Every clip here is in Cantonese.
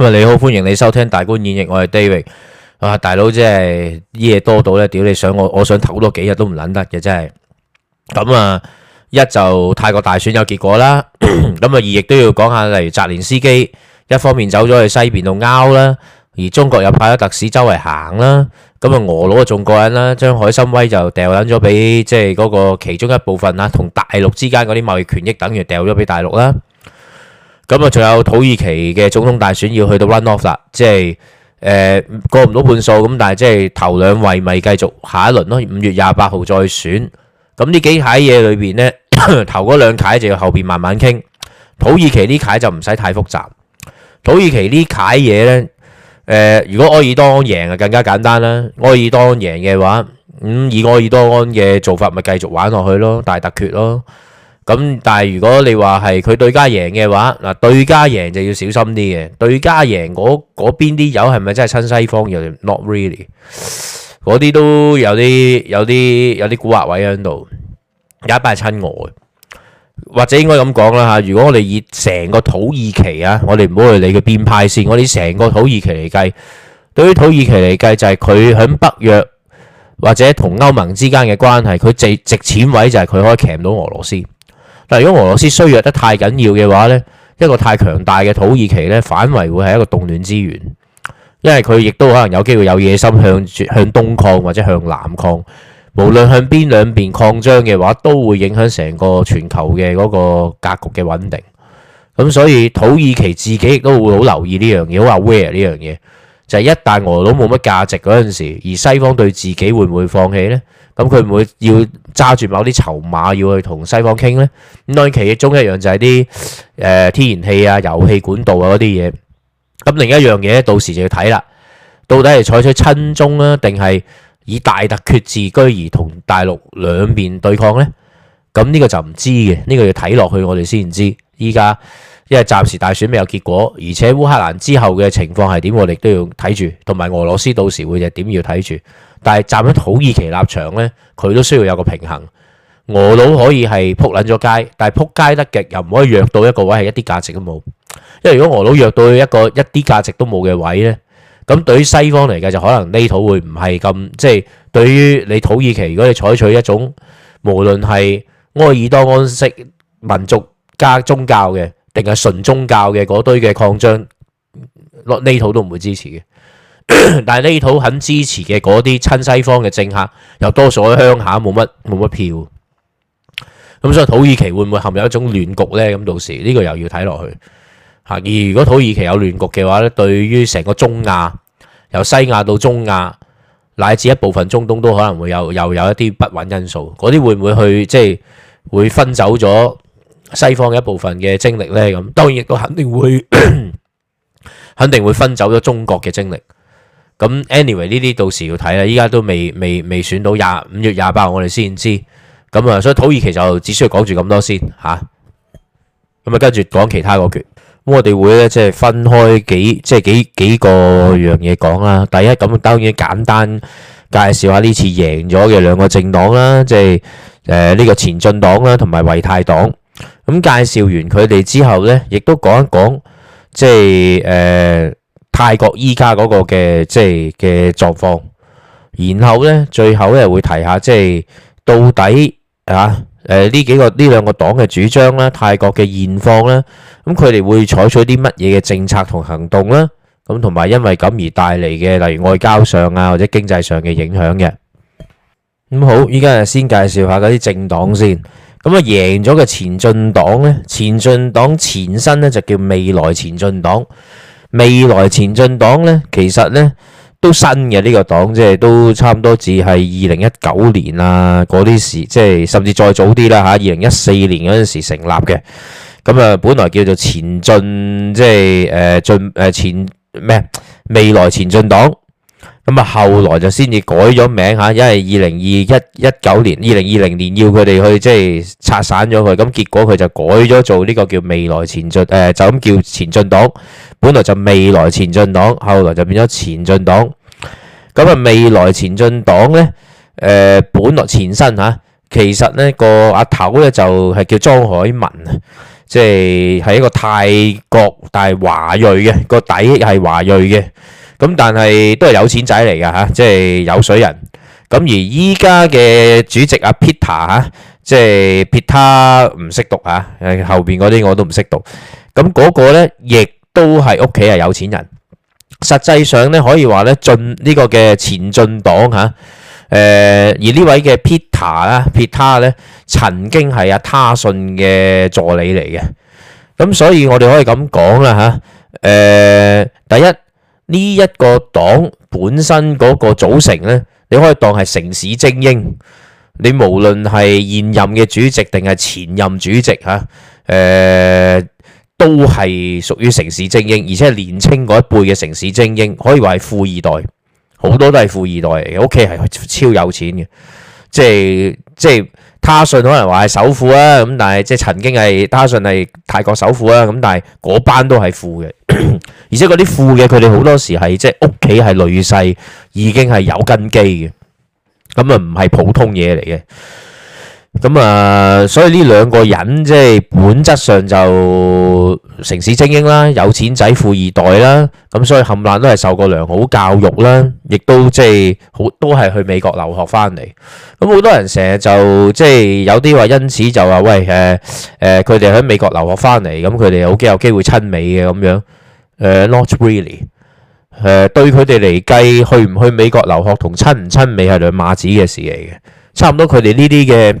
咁啊，你好，歡迎你收聽《大觀演繹》，我係 David。啊，大佬，即係啲嘢多到咧，屌你想我，我想唞多幾日都唔捻得嘅，真係。咁啊，一就泰國大選有結果啦。咁啊，二亦都要講下，例如澤連斯基一方面走咗去西邊度拗啦，而中國又派咗特使周圍行啦。咁啊，俄佬仲個人啦，將海參崴就掉捻咗俾即係嗰個其中一部分啦，同大陸之間嗰啲貿易權益，等於掉咗俾大陸啦。咁啊，仲有土耳其嘅總統大選要去到 run off 啦，即係誒、呃、過唔到半數，咁但係即係頭兩位咪繼續下一輪咯，五月廿八號再選。咁呢幾攤嘢裏邊呢， 頭嗰兩攤就要後邊慢慢傾。土耳其呢攤就唔使太複雜。土耳其呢攤嘢呢，誒、呃、如果艾爾多安贏啊，更加簡單啦。艾爾多安贏嘅話，咁、嗯、以艾爾多安嘅做法咪繼續玩落去咯，大突厥咯。咁但係如果你話係佢對家贏嘅話，嗱，對家贏就要小心啲嘅。對家贏嗰嗰邊啲友係咪真係親西方？又 not really，嗰啲都有啲有啲有啲蠱惑位喺度，有一班係親俄，或者應該咁講啦吓。如果我哋以成個土耳其啊，我哋唔好去理佢變派先，我哋成個土耳其嚟計，對於土耳其嚟計就係佢響北約或者同歐盟之間嘅關係，佢值值錢位就係佢可以鉗到俄羅斯。但如果俄羅斯衰弱得太緊要嘅話呢，一個太強大嘅土耳其呢，反為會係一個動亂之源，因為佢亦都可能有機會有野心向向東擴，或者向南擴，無論向邊兩邊擴張嘅話，都會影響成個全球嘅嗰個格局嘅穩定。咁所以土耳其自己亦都會好留意呢樣嘢，好 aware 呢樣嘢，就係、是、一旦俄羅斯冇乜價值嗰陣時，而西方對自己會唔會放棄呢？咁佢唔會要揸住某啲籌碼要去同西方傾呢？咁當然其中一樣就係啲誒天然氣啊、油氣管道啊嗰啲嘢。咁另一樣嘢到時就要睇啦。到底係採取親中啊，定係以大特決自居而同大陸兩邊對抗呢？咁呢個就唔知嘅，呢、這個要睇落去我哋先知。依家。因為暫時大選未有結果，而且烏克蘭之後嘅情況係點，我哋都要睇住，同埋俄羅斯到時會係點要睇住。但係，站喺土耳其立場呢，佢都需要有個平衡。俄佬可以係撲撚咗街，但係撲街得極又唔可以弱到一個位係一啲價值都冇。因為如果俄佬弱到一個一啲價值都冇嘅位呢，咁對於西方嚟嘅就可能呢土會唔係咁。即係對於你土耳其，如果你採取一種無論係愛爾多安式民族加宗教嘅。定係純宗教嘅嗰堆嘅擴張，洛呢土都唔會支持嘅。但係呢土肯支持嘅嗰啲親西方嘅政客，又多數喺鄉下，冇乜冇乜票。咁所以土耳其會唔會陷入一種亂局呢？咁到時呢個又要睇落去吓。而如果土耳其有亂局嘅話呢，對於成個中亞，由西亞到中亞乃至一部分中東都可能會有又有一啲不穩因素。嗰啲會唔會去即係會分走咗？西方嘅一部分嘅精力呢，咁當然亦都肯定會 肯定會分走咗中國嘅精力。咁 anyway 呢啲到時要睇啦，依家都未未未選到，廿五月廿八號，我哋先知咁啊。所以土耳其就只需要講住咁多先吓，咁啊，跟住講其他個決。咁我哋會呢，即係分開幾即係幾幾個樣嘢講啦。第一咁當然簡單介紹下呢次贏咗嘅兩個政黨啦，即係誒呢個前進黨啦，同埋維泰黨。咁介紹完佢哋之後咧，亦都講一講即係誒、呃、泰國依家嗰個嘅即係嘅狀況，然後咧最後咧會提下即係到底啊誒呢、呃、幾個呢兩個黨嘅主張啦，泰國嘅現況啦，咁佢哋會採取啲乜嘢嘅政策同行動啦，咁同埋因為咁而帶嚟嘅，例如外交上啊或者經濟上嘅影響嘅。咁好，依家就先介紹下嗰啲政黨先。咁啊，贏咗嘅前進黨咧，前進黨前身咧就叫未來前進黨。未來前進黨咧，其實咧都新嘅呢個黨，即係都差唔多只係二零一九年啦。嗰啲時即係甚至再早啲啦嚇，二零一四年嗰陣時成立嘅。咁啊，本來叫做前進，即係誒進誒前咩未來前進黨。咁啊，後來就先至改咗名嚇，因為二零二一一九年、二零二零年要佢哋去即係拆散咗佢，咁結果佢就改咗做呢個叫未來前進，誒、呃、就咁叫前進黨。本來就未來前進黨，後來就變咗前進黨。咁啊，未來前進黨咧，誒、呃、本來前身嚇，其實呢、呢個阿頭咧就係叫莊海文啊，即係係一個泰國但係華裔嘅，個底係華裔嘅。咁但係都係有錢仔嚟噶吓，即係有水人。咁而依家嘅主席阿 Peter 吓，即係 Peter 唔識讀吓，誒後邊嗰啲我都唔識讀。咁嗰個咧，亦都係屋企係有錢人。實際上咧，可以話咧進呢個嘅前進黨吓。誒而呢位嘅 Peter 啦，Peter 咧曾經係阿他信嘅助理嚟嘅。咁所以我哋可以咁講啦吓，誒第一。呢一個黨本身嗰個組成呢，你可以當係城市精英。你無論係現任嘅主席定係前任主席嚇，誒、呃、都係屬於城市精英，而且係年青嗰一輩嘅城市精英，可以話係富二代，好多都係富二代嚟嘅，屋企係超有錢嘅，即係即係。他信可能話係首富啊，咁但係即係曾經係他信係泰國首富啊，咁但係嗰班都係富嘅， 而且嗰啲富嘅佢哋好多時係即係屋企係累世，已經係有根基嘅，咁啊唔係普通嘢嚟嘅。咁啊，所以呢兩個人即係本質上就城市精英啦，有錢仔富二代啦，咁所以冚唪唥都係受過良好教育啦，亦都即係好都係去美國留學翻嚟。咁好多人成日就即係有啲話因此就話喂，誒誒，佢哋喺美國留學翻嚟，咁佢哋好有機會親美嘅咁樣。誒，Not really。誒，對佢哋嚟計，去唔去美國留學同親唔親美係兩碼子嘅事嚟嘅，差唔多。佢哋呢啲嘅。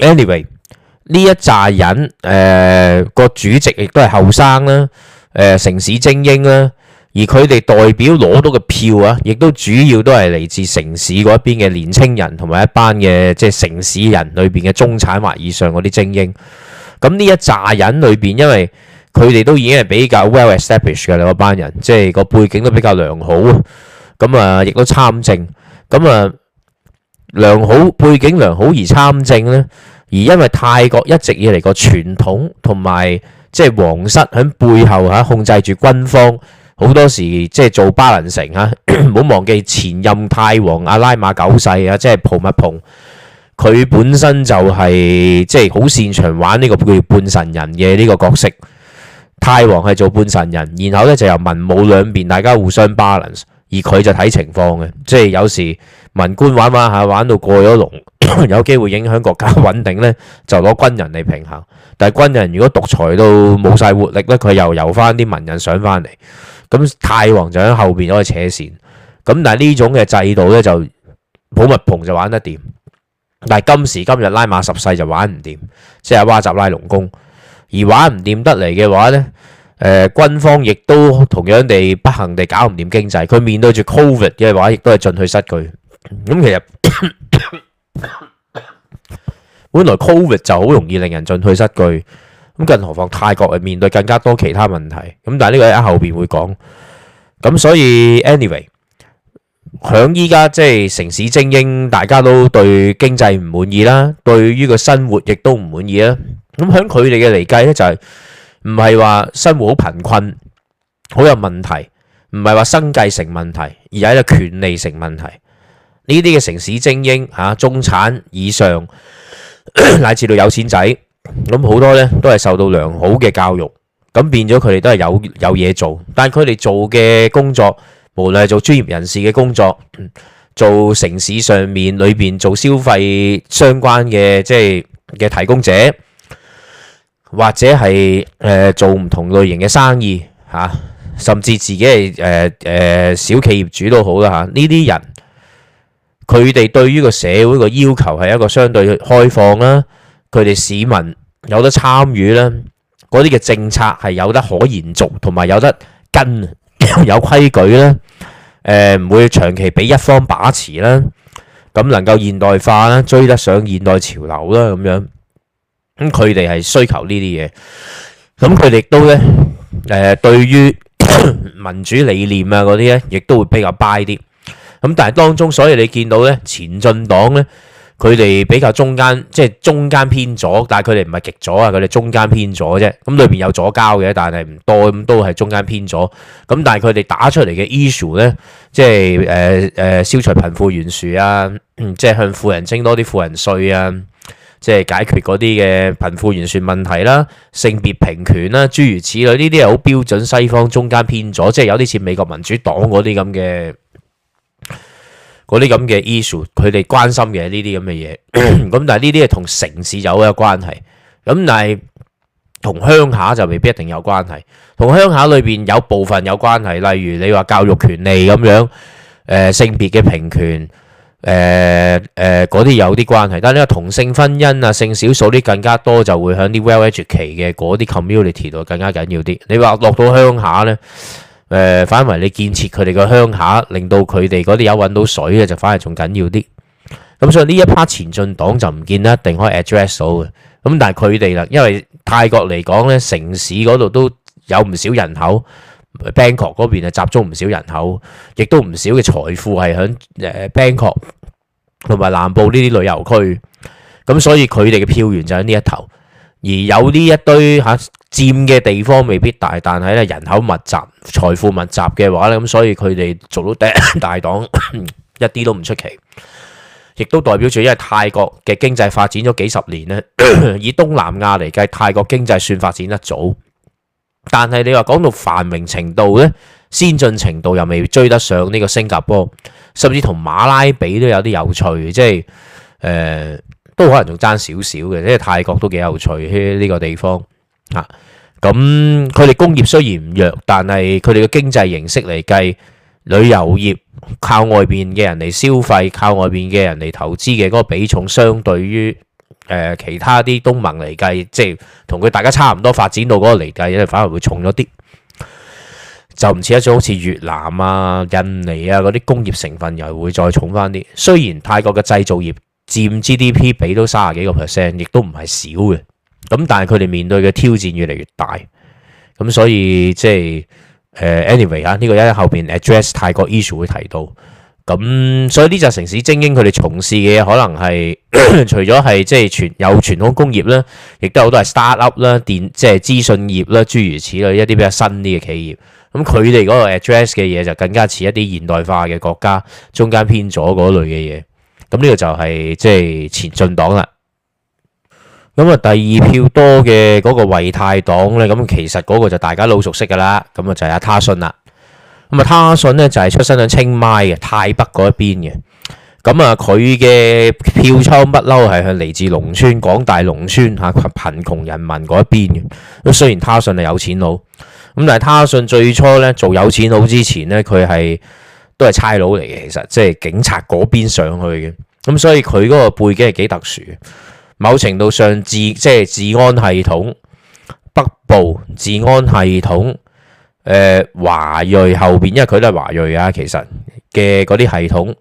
Anyway，呢一紮人，誒個主席亦都係後生啦，誒城市精英啦，而佢哋代表攞到嘅票啊，亦都主要都係嚟自城市嗰一邊嘅年青人，同埋一班嘅即係城市人裏邊嘅中產或以上嗰啲精英。咁呢一紮人裏邊，因為佢哋都已經係比較 well established 嘅嗰班人，即係個背景都比較良好啊。咁啊，亦都參政，咁啊。良好背景良好而參政呢？而因為泰國一直以嚟個傳統同埋即係皇室響背後嚇控制住軍方，好多時即係做 balance 吓。a 唔好忘記前任泰王阿拉馬九世啊，即係普密蓬，佢本身就係即係好擅長玩呢、呢個叫半神人嘅呢個角色。泰王係做半神人，然後呢就由文武兩邊大家互相 balance 而佢就睇情況嘅，即係有時文官玩玩下，玩到過咗龍， 有機會影響國家穩定呢，就攞軍人嚟平衡。但係軍人如果獨裁到冇晒活力呢，佢又由翻啲文人上翻嚟。咁泰王就喺後邊攞個扯線。咁但係呢種嘅制度呢，就普密蓬就玩得掂。但係今時今日拉馬十世就玩唔掂，即係瓦吉拉隆功。而玩唔掂得嚟嘅話呢。誒，軍方亦都同樣地不幸地搞唔掂經濟，佢面對住 covid 嘅話，亦都係進退失據。咁其實本來 covid 就好容易令人進退失據，咁更何況泰國係面對更加多其他問題。咁但係呢個喺後邊會講。咁所以 anyway，響依家即係城市精英，大家都對經濟唔滿意啦，對於個生活亦都唔滿意啦。咁響佢哋嘅嚟計咧，就係。唔係話生活好貧困，好有問題，唔係話生計成問題，而係一個權利成問題。呢啲嘅城市精英吓，中產以上， 乃至到有錢仔，咁好多呢都係受到良好嘅教育，咁變咗佢哋都係有有嘢做，但佢哋做嘅工作，無論係做專業人士嘅工作，做城市上面裏邊做消費相關嘅即係嘅提供者。或者係誒、呃、做唔同類型嘅生意嚇、啊，甚至自己係誒誒小企業主都好啦嚇。呢、啊、啲人佢哋對於個社會個要求係一個相對開放啦，佢、啊、哋市民有得參與啦，嗰啲嘅政策係有得可延續，同埋有得跟 有規矩啦。誒、呃、唔會長期俾一方把持啦，咁、啊、能夠現代化啦，追得上現代潮流啦咁、啊、樣。咁佢哋係需求呢啲嘢，咁佢哋亦都咧，誒， 對於民主理念啊嗰啲咧，亦都會比較 buy 啲。咁但係當中，所以你見到咧，前進黨咧，佢哋比較中間，即係中間偏左，但係佢哋唔係極左啊，佢哋中間偏左啫。咁裏邊有左膠嘅，但係唔多，咁都係中間偏左。咁但係佢哋打出嚟嘅 issue 咧，即係誒誒，消除貧富懸殊啊，即係向富人徵多啲富人稅啊。即係解決嗰啲嘅貧富懸殊問題啦、性別平權啦，諸如此類，呢啲係好標準西方中間偏左，即係有啲似美國民主黨嗰啲咁嘅嗰啲咁嘅 issue，佢哋關心嘅呢啲咁嘅嘢。咁 但係呢啲係同城市有嘅關係，咁但係同鄉下就未必一定有關係。同鄉下裏邊有部分有關係，例如你話教育權利咁樣，誒性別嘅平權。誒誒嗰啲有啲關係，但係呢個同性婚姻啊、性少數啲更加多就會喺啲 well age 期嘅嗰啲 community 度更加緊要啲。你話落到鄉下呢，誒、呃、反為你建設佢哋個鄉下，令到佢哋嗰啲有揾到水嘅就反而仲緊要啲。咁所以呢一 part 前進黨就唔見啦，一定可以 address 到嘅。咁但係佢哋啦，因為泰國嚟講呢，城市嗰度都有唔少人口。Bangkok 嗰邊係集中唔少人口，亦都唔少嘅財富係喺誒 Bangkok 同埋南部呢啲旅遊區，咁所以佢哋嘅票源就喺呢一頭。而有呢一堆吓佔嘅地方未必大，但係咧人口密集、財富密集嘅話咧，咁所以佢哋做到大黨 一啲都唔出奇，亦都代表住因為泰國嘅經濟發展咗幾十年咧， 以東南亞嚟計，泰國經濟算發展得早。但係你話講到繁榮程度呢，先進程度又未追得上呢個新加坡，甚至同馬拉比都有啲有趣，即係誒都可能仲爭少少嘅，即係泰國都幾有趣喺呢個地方嚇。咁佢哋工業雖然唔弱，但係佢哋嘅經濟形式嚟計，旅遊業靠外邊嘅人嚟消費，靠外邊嘅人嚟投資嘅嗰個比重，相對於誒、呃，其他啲東盟嚟計，即係同佢大家差唔多發展到嗰個嚟計，因為反而會重咗啲，就唔似一種好似越南啊、印尼啊嗰啲工業成分又會再重翻啲。雖然泰國嘅製造業佔 GDP 俾到三十幾個 percent，亦都唔係少嘅，咁但係佢哋面對嘅挑戰越嚟越大，咁所以即係誒、呃、，anyway 吓、啊、呢、這個一後邊 address 泰國 issue 會提到。咁所以呢就城市精英佢哋從事嘅可能係 除咗係即係傳有傳統工業啦，亦都有好多係 startup 啦、電即係資訊業啦，諸如此類一啲比較新啲嘅企業。咁佢哋嗰個 address 嘅嘢，就更加似一啲現代化嘅國家中間偏左嗰類嘅嘢。咁呢個就係即係前進黨啦。咁啊，第二票多嘅嗰個為泰黨咧，咁其實嗰個就大家都好熟悉噶啦。咁啊，就係阿他信啦。咁啊，他信咧就係出身喺清邁嘅，泰北嗰一邊嘅。咁啊，佢嘅票倉不嬲係向嚟自農村、廣大農村吓貧窮人民嗰一邊嘅。都雖然他信係有錢佬，咁但係他信最初咧做有錢佬之前咧，佢係都係差佬嚟嘅。其實即係警察嗰邊上去嘅。咁所以佢嗰個背景係幾特殊。某程度上治即係、就是、治安系統北部治安系統。誒，華裔、呃、後邊，因為佢都係華裔啊，其實嘅嗰啲系統，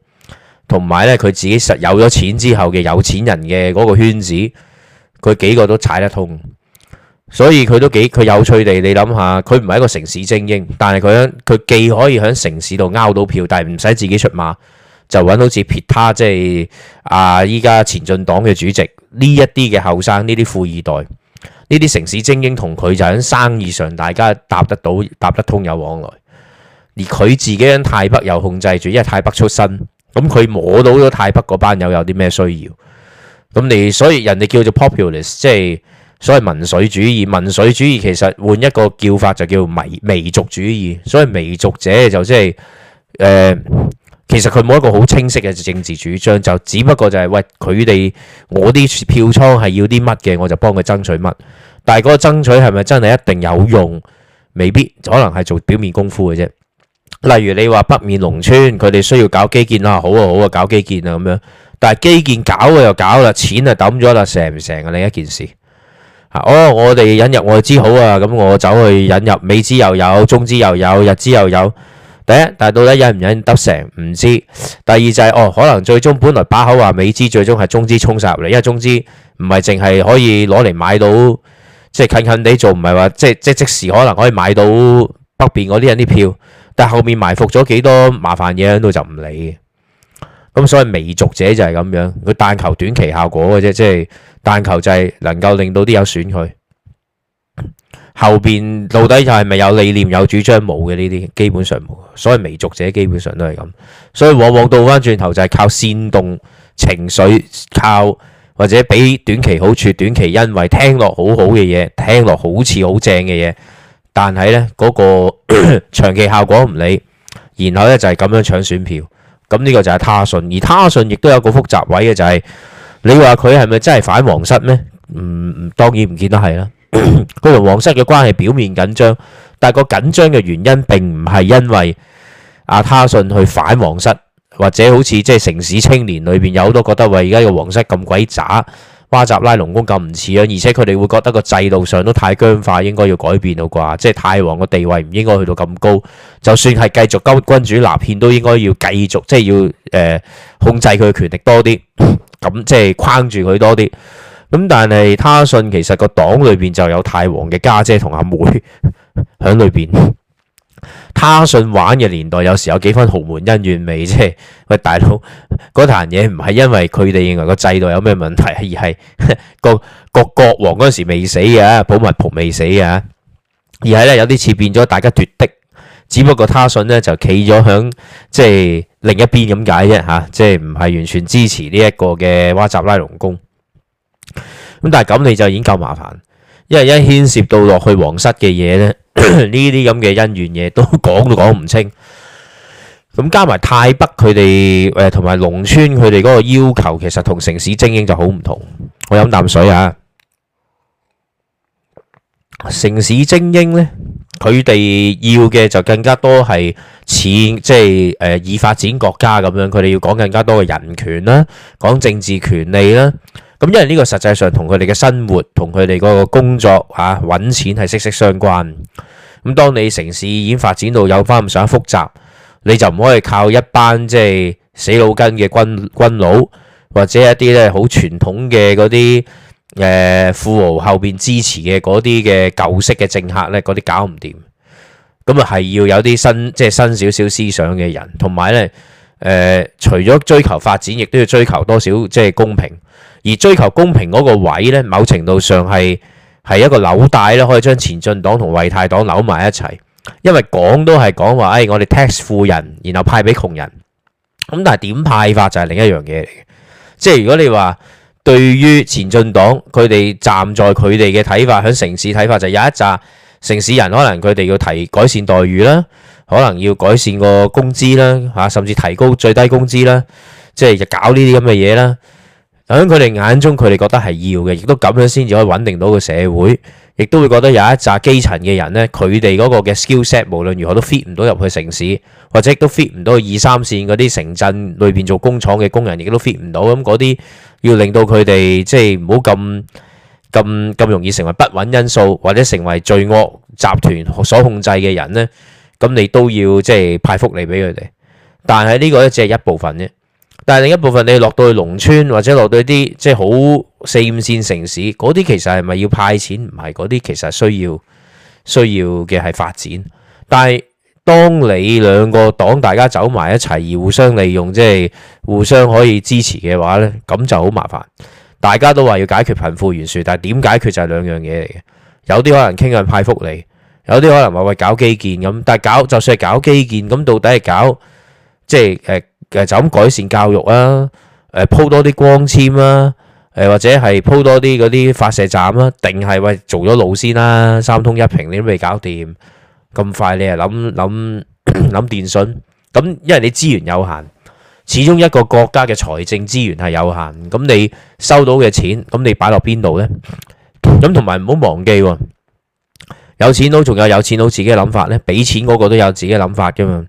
同埋咧佢自己實有咗錢之後嘅有錢人嘅嗰個圈子，佢幾個都踩得通，所以佢都幾佢有趣地，你諗下，佢唔係一個城市精英，但係佢響佢既可以響城市度勾到票，但係唔使自己出馬，就揾好似撇他，即係啊依家前進黨嘅主席呢一啲嘅後生，呢啲富二代。呢啲城市精英同佢就喺生意上，大家搭得到、搭得通有往來，而佢自己喺泰北又控制住，因為泰北出身，咁佢摸到咗泰北嗰班友有啲咩需要，咁你所以人哋叫做 populist，即係所謂民粹主義，民粹主義其實換一個叫法就叫微族主義，所謂微族者就即係誒。呃其實佢冇一個好清晰嘅政治主張，就只不過就係、是、喂佢哋我啲票倉係要啲乜嘅，我就幫佢爭取乜。但係嗰個爭取係咪真係一定有用？未必，可能係做表面功夫嘅啫。例如你話北面農村，佢哋需要搞基建啊，好啊好啊，搞基建啊咁樣。但係基建搞嘅又搞啦，錢啊抌咗啦，成唔成啊？另一件事吓，哦、啊，我哋引入外資好啊，咁我走去引入美資又有，中資又有，日資又有。第一，但到底忍唔忍得成唔知；第二就係、是、哦，可能最終本來把口話美資最終係中資衝晒入嚟，因為中資唔係淨係可以攞嚟買到，即、就、係、是、近近地做，唔係話即即即時可能可以買到北邊嗰啲人啲票，但後面埋伏咗幾多麻煩嘢喺度就唔理嘅。咁所以微俗者就係咁樣，佢但求短期效果嘅啫，即係但求就係能夠令到啲有損佢。後邊到底就係咪有理念、有主張冇嘅呢啲，基本上冇。所謂微族者基本上都係咁，所以往往倒翻轉頭就係靠煽動情緒，靠或者俾短期好處、短期因為，聽落好好嘅嘢，聽落好似好正嘅嘢，但係呢，嗰、嗰個 長期效果唔理，然後呢，就係咁樣搶選票，咁呢個就係他信，而他信亦都有個複雜位嘅就係、係，你話佢係咪真係反皇室咩？唔唔，當然唔見得係啦。佢同皇室嘅關係表面緊張，但係個緊張嘅原因並唔係因為阿他信去反皇室，或者好似即係城市青年裏邊有好多覺得喂，而家嘅皇室咁鬼渣，巴扎拉龍宮咁唔似樣，而且佢哋會覺得個制度上都太僵化，應該要改變到啩，即係、就是、泰皇個地位唔應該去到咁高，就算係繼續交君主立憲，都應該要繼續即係、就是、要誒控制佢嘅權力多啲，咁即係框住佢多啲。咁但係他信其實個黨裏邊就有泰王嘅家姐同阿妹喺裏邊，他信玩嘅年代有時有幾分豪門恩怨味啫。喂，大佬嗰壇嘢唔係因為佢哋認為個制度有咩問題，而係個個國王嗰時未死嘅，普密蓬未死嘅，而係咧有啲似變咗大家脫的，只不過他信咧就企咗響即係另一邊咁解啫吓，即係唔係完全支持呢一個嘅哇集拉隆功。咁但係咁你就已經夠麻煩，因為一牽涉到落去皇室嘅嘢咧，呢啲咁嘅恩怨嘢都講都講唔清。咁加埋泰北佢哋誒，同埋農村佢哋嗰個要求，其實同城市精英就好唔同。我飲啖水啊，城市精英咧，佢哋要嘅就更加多係似即係誒，已發展國家咁樣，佢哋要講更加多嘅人權啦，講政治權利啦。咁因為呢個實際上同佢哋嘅生活，同佢哋嗰個工作吓搵、啊、錢係息息相關。咁當你城市已經發展到有翻咁上下複雜，你就唔可以靠一班即係死腦筋嘅軍軍佬，或者一啲咧，好傳統嘅嗰啲誒富豪後邊支持嘅嗰啲嘅舊式嘅政客咧，嗰啲搞唔掂。咁啊，係要有啲新即係、就是、新少少思想嘅人，同埋咧誒，除咗追求發展，亦都要追求多少即係、就是、公平。而追求公平嗰個位呢，某程度上係係一個紐帶咯，可以將前進黨同衛泰黨扭埋一齊。因為講都係講話，誒、哎，我哋 tax 富人，然後派俾窮人。咁但係點派法就係另一樣嘢嚟。即係如果你話對於前進黨，佢哋站在佢哋嘅睇法，響城市睇法就是、有一扎城市人，可能佢哋要提改善待遇啦，可能要改善個工資啦，吓甚至提高最低工資啦，即係就搞呢啲咁嘅嘢啦。響佢哋眼中，佢哋覺得係要嘅，亦都咁樣先至可以穩定到個社會，亦都會覺得有一紮基層嘅人咧，佢哋嗰個嘅 skill set 無論如何都 fit 唔到入去城市，或者都 fit 唔到去二三綫嗰啲城鎮裏邊做工廠嘅工人，亦都 fit 唔到。咁嗰啲要令到佢哋即係唔好咁咁咁容易成為不穩因素，或者成為罪惡集團所控制嘅人咧，咁你都要即係派福利俾佢哋。但係呢個呢只係一部分啫。但係另一部分，你落到去農村，或者落到一啲即係好四五線城市嗰啲，其實係咪要派錢？唔係。嗰啲其實需要需要嘅係發展。但係當你兩個黨大家走埋一齊而互相利用，即係互相可以支持嘅話呢，咁就好麻煩。大家都話要解決貧富懸殊，但係點解決就係兩樣嘢嚟嘅。有啲可能傾緊派福利，有啲可能話為搞基建咁。但係搞，就算係搞基建，咁到底係搞即係就咁改善教育啊，誒鋪多啲光纖啦、啊，誒或者係鋪多啲嗰啲發射站啦、啊，定係喂做咗路先啦、啊，三通一平你都未搞掂，咁快你又諗諗諗電訊，咁因為你資源有限，始終一個國家嘅財政資源係有限，咁你收到嘅錢，咁你擺落邊度呢？咁同埋唔好忘記喎、啊，有錢佬仲有，有有錢佬自己嘅諗法呢，俾錢嗰個都有自己嘅諗法噶嘛。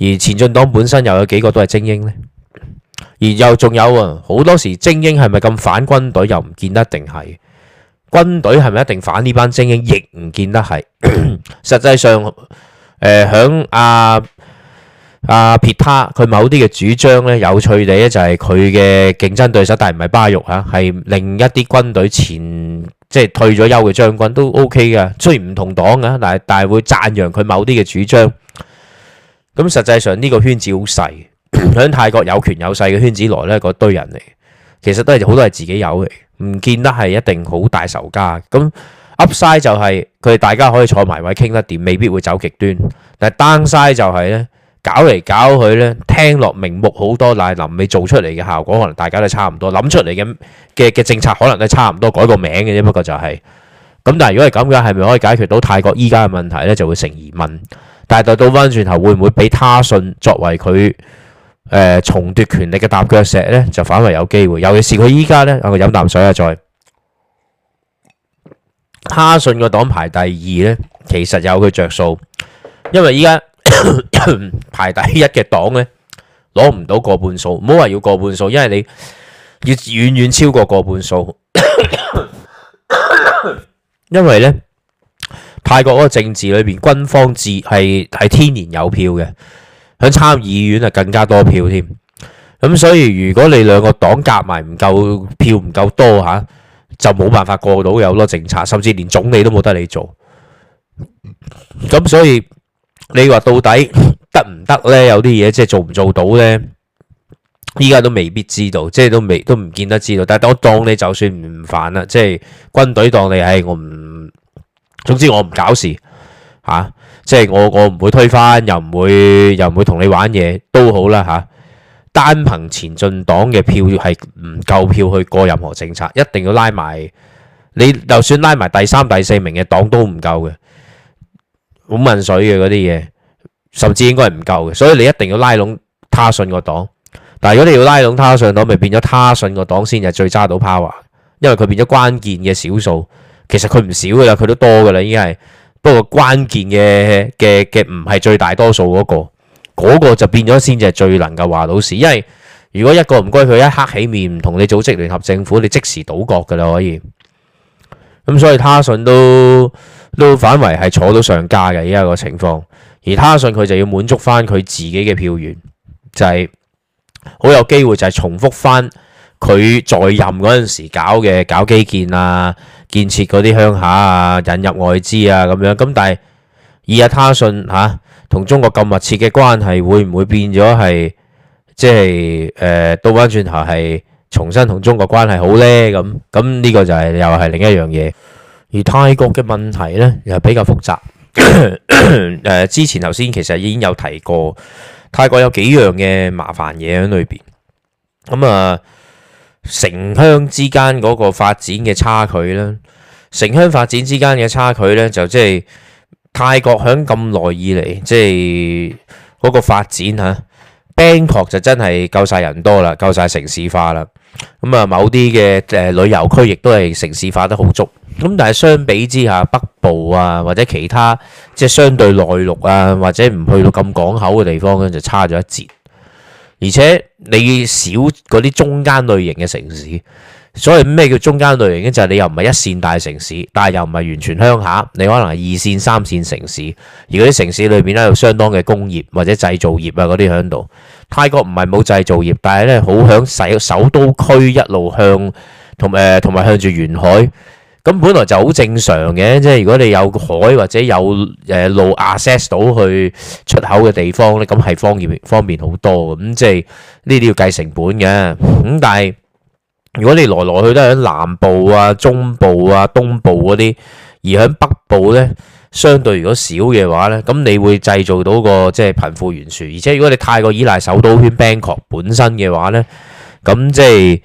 而前進黨本身又有幾個都係精英呢。而又仲有啊，好多時精英係咪咁反軍隊又唔見得一定係，軍隊係咪一定反呢班精英亦唔見得係。 實際上，誒響阿阿撇他佢某啲嘅主張呢，有趣地咧就係佢嘅競爭對手，但係唔係巴育嚇，係、啊、另一啲軍隊前即係、就是、退咗休嘅將軍都 O K 嘅，雖然唔同黨啊，但係但係會讚揚佢某啲嘅主張。咁實際上呢個圈子好細，喺泰國有權有勢嘅圈子內咧，嗰堆人嚟，其實都係好多係自己有嘅，唔見得係一定好大仇家。咁 Upside 就係佢哋大家可以坐埋位傾得掂，未必會走極端。但係 Downside 就係咧，搞嚟搞去咧，聽落名目好多，但係臨尾做出嚟嘅效果可能大家都差唔多，諗出嚟嘅嘅嘅政策可能都係差唔多，改個名嘅啫，不過就係咁。但係如果係咁嘅，係咪可以解決到泰國依家嘅問題咧，就會成疑問。但係到翻轉頭，會唔會俾他信作為佢誒、呃、重奪權力嘅踏腳石咧？就反為有機會。尤其是佢依家咧，佢飲啖水啊！再，他信個黨排第二咧，其實有佢着數，因為依家 排第一嘅黨咧，攞唔到過半數。唔好話要過半數，因為你要遠遠超過過半數。 因為咧。泰國嗰個政治裏邊，軍方自係係天然有票嘅，喺參議院啊更加多票添。咁所以如果你兩個黨夾埋唔夠票唔夠多吓，就冇辦法過到有好多政策，甚至連總理都冇得你做。咁所以你話到底得唔得呢？有啲嘢即係做唔做到呢？依家都未必知道，即係都未都唔見得知道。但係我當你就算唔反啦，即係軍隊當你係我唔。總之我唔搞事吓、啊，即係我我唔會推翻，又唔會又唔會同你玩嘢都好啦吓、啊。單憑前進黨嘅票係唔夠票去過任何政策，一定要拉埋你，就算拉埋第三、第四名嘅黨都唔夠嘅，好問水嘅嗰啲嘢，甚至應該係唔夠嘅。所以你一定要拉攏他信個黨，但係如果你要拉攏他信黨，咪變咗他信個黨先係最揸到 power，因為佢變咗關鍵嘅少數。其實佢唔少噶啦，佢都多噶啦，已經係。不過關鍵嘅嘅嘅唔係最大多數嗰、那個，嗰、那個就變咗先至係最能夠話到事。因為如果一個唔歸，佢一黑起面唔同你組織聯合政府，你即時倒閣噶啦可以。咁所以他信都都反為係坐到上家嘅，依家個情況。而他信佢就要滿足翻佢自己嘅票源，就係、是、好有機會就係重複翻佢在任嗰陣時搞嘅搞基建啊。建設嗰啲鄉下啊，引入外資啊，咁樣咁，但係以阿他信嚇同中國咁密切嘅關係，會唔會變咗係即係誒倒翻轉頭係重新同中國關係好呢？咁咁呢個就係又係另一樣嘢。而泰國嘅問題呢又比較複雜。誒，之前頭先其實已經有提過，泰國有幾樣嘅麻煩嘢喺裏邊。咁啊。城鄉之間嗰、就是、個發展嘅差距咧，城鄉發展之間嘅差距呢？就即係泰國響咁耐以嚟，即係嗰個發展吓 Bangkok 就真係夠晒人多啦，夠晒城市化啦。咁啊，某啲嘅旅遊區亦都係城市化得好足。咁但係相比之下，北部啊或者其他即係、就是、相對內陸啊，或者唔去到咁港口嘅地方咧，就差咗一截。而且你少嗰啲中間類型嘅城市，所謂咩叫中間類型嘅就係、是、你又唔係一線大城市，但係又唔係完全鄉下，你可能係二線、三線城市。而嗰啲城市裏邊咧有相當嘅工業或者製造業啊嗰啲響度。泰國唔係冇製造業，但係咧好響首首都區一路向同誒同埋向住沿海。咁本來就好正常嘅，即係如果你有海或者有誒路 access 到去出口嘅地方咧，咁係方便方便好多。咁即係呢啲要計成本嘅。咁但係如果你來來去都喺南部啊、中部啊、東部嗰啲，而喺北部咧相對如果少嘅話咧，咁你會製造到個即係貧富懸殊。而且如果你太過依賴首都圈 Bangkok 本身嘅話咧，咁即係誒。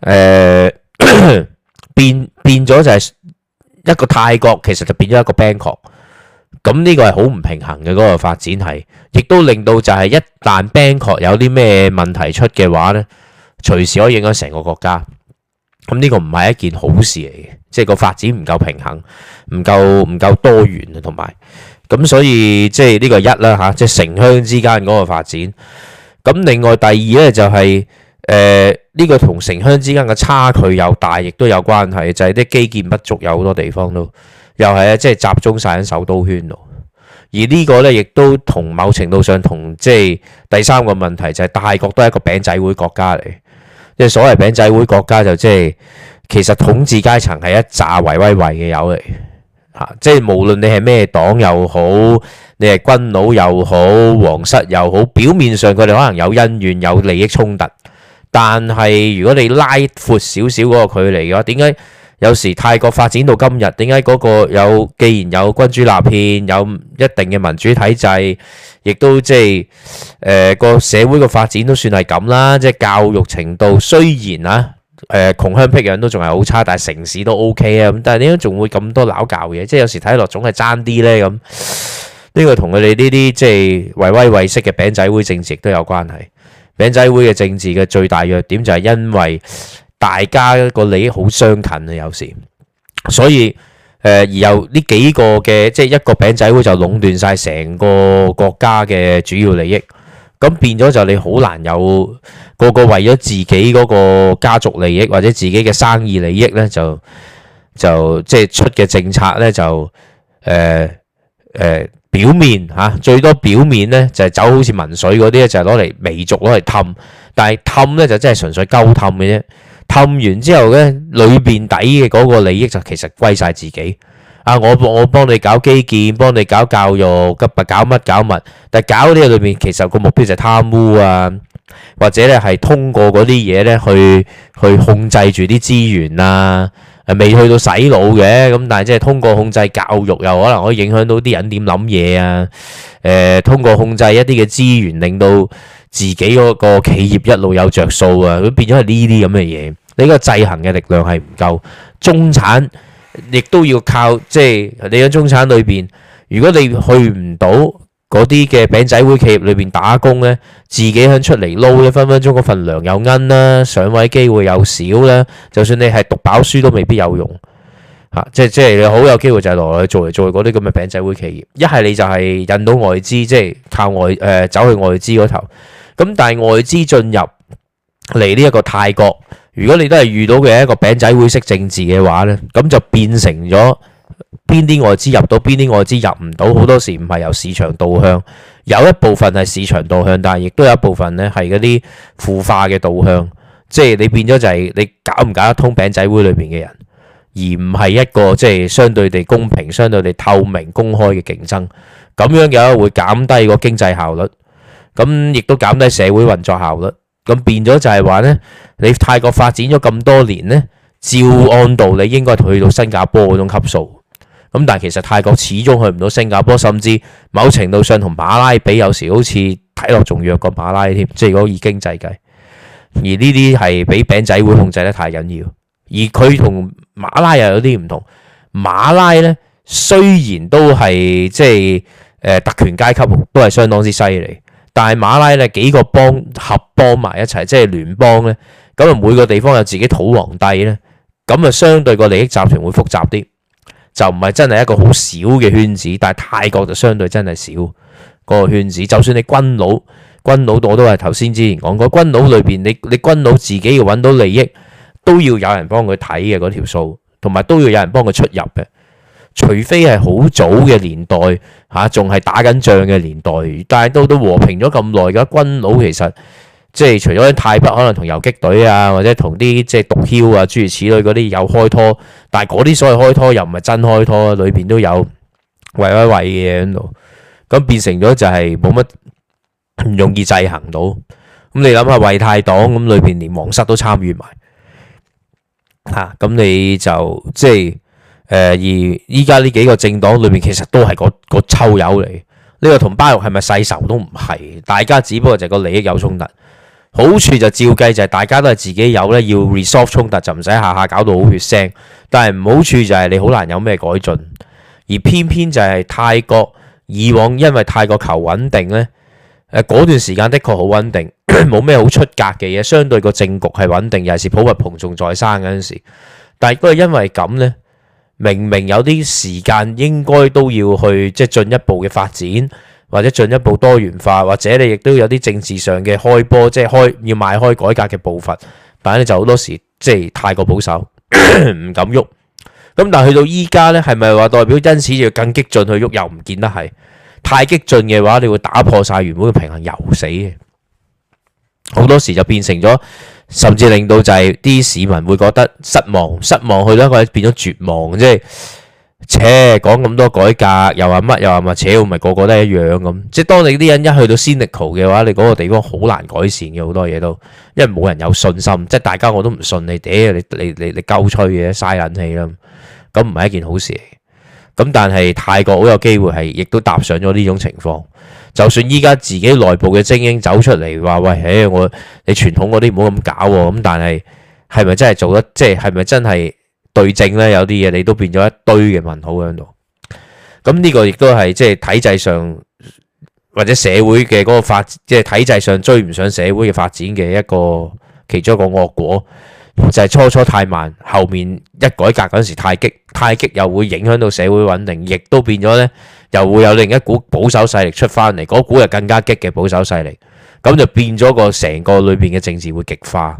呃 變變咗就係一個泰國，其實就變咗一個 Bangkok，咁呢個係好唔平衡嘅嗰個發展係，亦都令到就係一旦 Bangkok 有啲咩問題出嘅話咧，隨時可以影響成個國家。咁呢個唔係一件好事嚟嘅，即係個發展唔夠平衡，唔夠唔夠多元啊，同埋咁所以即係呢個一啦吓，即係城鄉之間嗰個發展。咁另外第二咧就係誒。呢個同城鄉之間嘅差距又大，亦都有關係，就係、是、啲基建不足，有好多地方都又係啊！即、就、係、是、集中晒喺首都圈度，而呢個呢，亦都同某程度上同即係第三個問題，就係、是、泰國都係一個餅仔會國家嚟，即係所謂餅仔會國家就即、是、係其實統治階層係一紮威威威嘅友嚟嚇，即係無論你係咩黨又好，你係軍佬又好，皇室又好，表面上佢哋可能有恩怨、有利益衝突。但係如果你拉闊少少嗰個距離嘅話，點解有時泰國發展到今日，點解嗰個有既然有君主立憲，有一定嘅民主體制，亦都即係誒個社會嘅發展都算係咁啦，即係教育程度雖然啊，誒窮鄉僻壤都仲係好差，但係城市都 OK 啊咁，但係點解仲會咁多鬧教嘢？即係有時睇落總係爭啲呢咁，呢個同佢哋呢啲即係為威為勢嘅餅仔會政治亦都有關係。餅仔會嘅政治嘅最大弱點就係因為大家個利益好相近啊，有時，所以誒，而有呢幾個嘅即係一個餅仔會就壟斷晒成個國家嘅主要利益，咁變咗就你好難有個個為咗自己嗰個家族利益或者自己嘅生意利益咧，就就即係出嘅政策咧就誒誒。表面嚇、啊、最多表面咧就係、是、走好似民粹嗰啲咧就係攞嚟媚俗攞嚟氹，但係氹咧就真係純粹鳩氹嘅啫。氹完之後咧裏邊底嘅嗰個利益就其實歸晒自己。啊，我我幫你搞基建，幫你搞教育，急白搞乜搞乜。但係搞嗰啲裏邊其實個目標就係貪污啊，或者咧係通過嗰啲嘢咧去去控制住啲資源啊。未去到洗腦嘅，咁但係即係通過控制教育，又可能可以影響到啲人點諗嘢啊！誒，通過控制一啲嘅資源，令到自己個企業一路有着數啊！佢變咗係呢啲咁嘅嘢，你個制衡嘅力量係唔夠，中產亦都要靠即係你喺中產裏邊，如果你去唔到。嗰啲嘅餅仔會企業裏邊打工咧，自己喺出嚟撈咧，分分鐘嗰份糧又奀啦，上位機會又少啦。就算你係讀飽書都未必有用嚇，即即係你好有機會就係落去做嚟做去嗰啲咁嘅餅仔會企業。一係你就係引到外資，即係靠外誒、呃、走去外資嗰頭。咁但係外資進入嚟呢一個泰國，如果你都係遇到嘅一個餅仔會式政治嘅話咧，咁就變成咗。邊啲外資入到，邊啲外資入唔到，好多時唔係由市場導向，有一部分係市場導向，但係亦都有一部分咧係嗰啲腐化嘅導向，即係你變咗就係你搞唔搞得通餅仔會裏邊嘅人，而唔係一個即係相對地公平、相對地透明、公開嘅競爭，咁樣嘅話會減低個經濟效率，咁亦都減低社會運作效率，咁變咗就係話呢，你泰國發展咗咁多年呢，照按道理應該去到新加坡嗰種級數。咁但係其實泰國始終去唔到新加坡，甚至某程度上同馬拉比有時好似睇落仲弱過馬拉添，即係如果以經濟計，而呢啲係俾餅仔會控制得太緊要。而佢同馬拉又有啲唔同，馬拉咧雖然都係即係誒特權階級，都係相當之犀利，但係馬拉咧幾個邦合邦埋一齊即係聯邦咧，咁啊每個地方有自己土皇帝咧，咁啊相對個利益集團會複雜啲。就唔係真係一個好少嘅圈子，但係泰國就相對真係少個圈子。就算你軍佬軍佬，我都係頭先之前講過，嗰軍佬裏邊，你你軍佬自己要揾到利益，都要有人幫佢睇嘅嗰條數，同埋都要有人幫佢出入嘅。除非係好早嘅年代嚇，仲、啊、係打緊仗嘅年代，但係到到和平咗咁耐，而家軍佬其實。即係除咗啲泰北，可能同遊擊隊啊，或者同啲即係毒梟啊，諸如此類嗰啲有開拖，但係嗰啲所謂開拖又唔係真開拖，裏邊都有喂喂喂嘅嘢喺度，咁變成咗就係冇乜唔容易制衡到。咁你諗下，為泰黨咁裏邊連皇室都參與埋嚇，咁、啊、你就即係誒、呃、而依家呢幾個政黨裏邊其實都係、個個臭、個個臭友嚟。呢個同巴育係咪世仇都唔係，大家只不過就係個利益有衝突。好處就照計就係大家都係自己有咧，要 resolve 衝突就唔使下下搞到好血腥。但係唔好處就係你好難有咩改進，而偏偏就係泰國以往因為泰國求穩定咧，誒嗰段時間的確好穩定，冇咩好出格嘅嘢，相對個政局係穩定，尤其是普密蓬仲在生嗰陣時。但係都係因為咁咧，明明有啲時間應該都要去即係進一步嘅發展。或者進一步多元化，或者你亦都有啲政治上嘅開波，即係開要邁開改革嘅步伐。但係你就好多時即係太過保守，唔 敢喐。咁但係去到依家呢，係咪話代表因此要更激進去喐？又唔見得，係太激進嘅話，你會打破晒原本嘅平衡，游死嘅。好多時就變成咗，甚至令到就係啲市民會覺得失望，失望去到一個變咗絕望，即係。扯講咁多改革，又話乜又話乜，扯，唔係個個都一樣咁。即係當你啲人一去到 cynical 嘅話，你嗰個地方好難改善嘅，好多嘢都，因為冇人有信心。即係大家我都唔信你，哋，你你你你鳩吹嘅，嘥卵氣啦。咁唔係一件好事嚟。咁但係泰國好有機會係，亦都踏上咗呢種情況。就算依家自己內部嘅精英走出嚟話，喂，唉、欸，我你傳統嗰啲唔好咁搞喎。咁但係係咪真係做得？即係係咪真係？對證咧，有啲嘢你都變咗一堆嘅問號喺度。咁呢個亦都係即係體制上或者社會嘅嗰個發，即係體制上追唔上社會嘅發展嘅一個其中一個惡果就係、是、初初太慢，後面一改革嗰時太激太激，太激又會影響到社會穩定，亦都變咗呢，又會有另一股保守勢力出翻嚟，嗰股就更加激嘅保守勢力，咁就變咗個成個裏邊嘅政治會極化。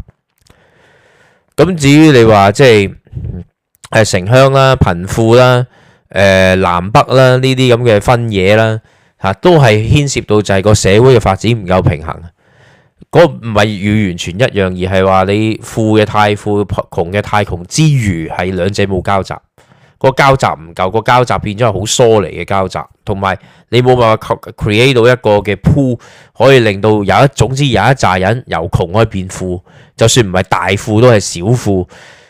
咁至於你話即係。係城鄉啦、貧富啦、誒、呃、南北啦，呢啲咁嘅分野啦，吓、啊、都係牽涉到就係個社會嘅發展唔夠平衡。嗰唔係與完全一樣，而係話你富嘅太富、窮嘅太窮之餘，係兩者冇交集。個交集唔夠，個交集變咗係好疏離嘅交集，同埋你冇辦法 create 到一個嘅 pool 可以令到有一總之有一紮人由窮可以變富，就算唔係大富都係小富。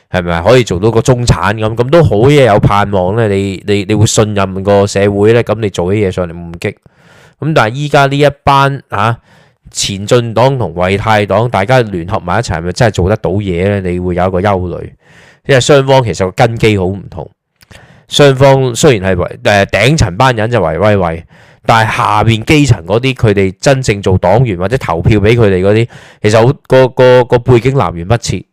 係咪可以做到個中產咁？咁都好嘢，有盼望咧。你你你會信任個社會咧？咁你做起嘢上嚟唔激？咁但係依家呢一班啊前進黨同為泰黨，大家聯合埋一齊，咪真係做得到嘢咧？你會有一個憂慮，因為雙方其實個根基好唔同。雙方雖然係維誒頂層班人就維威威，但係下面基層嗰啲，佢哋真正做黨員或者投票俾佢哋嗰啲，其實好、嗰個、嗰個、嗰個嗰個背景南轅北轍。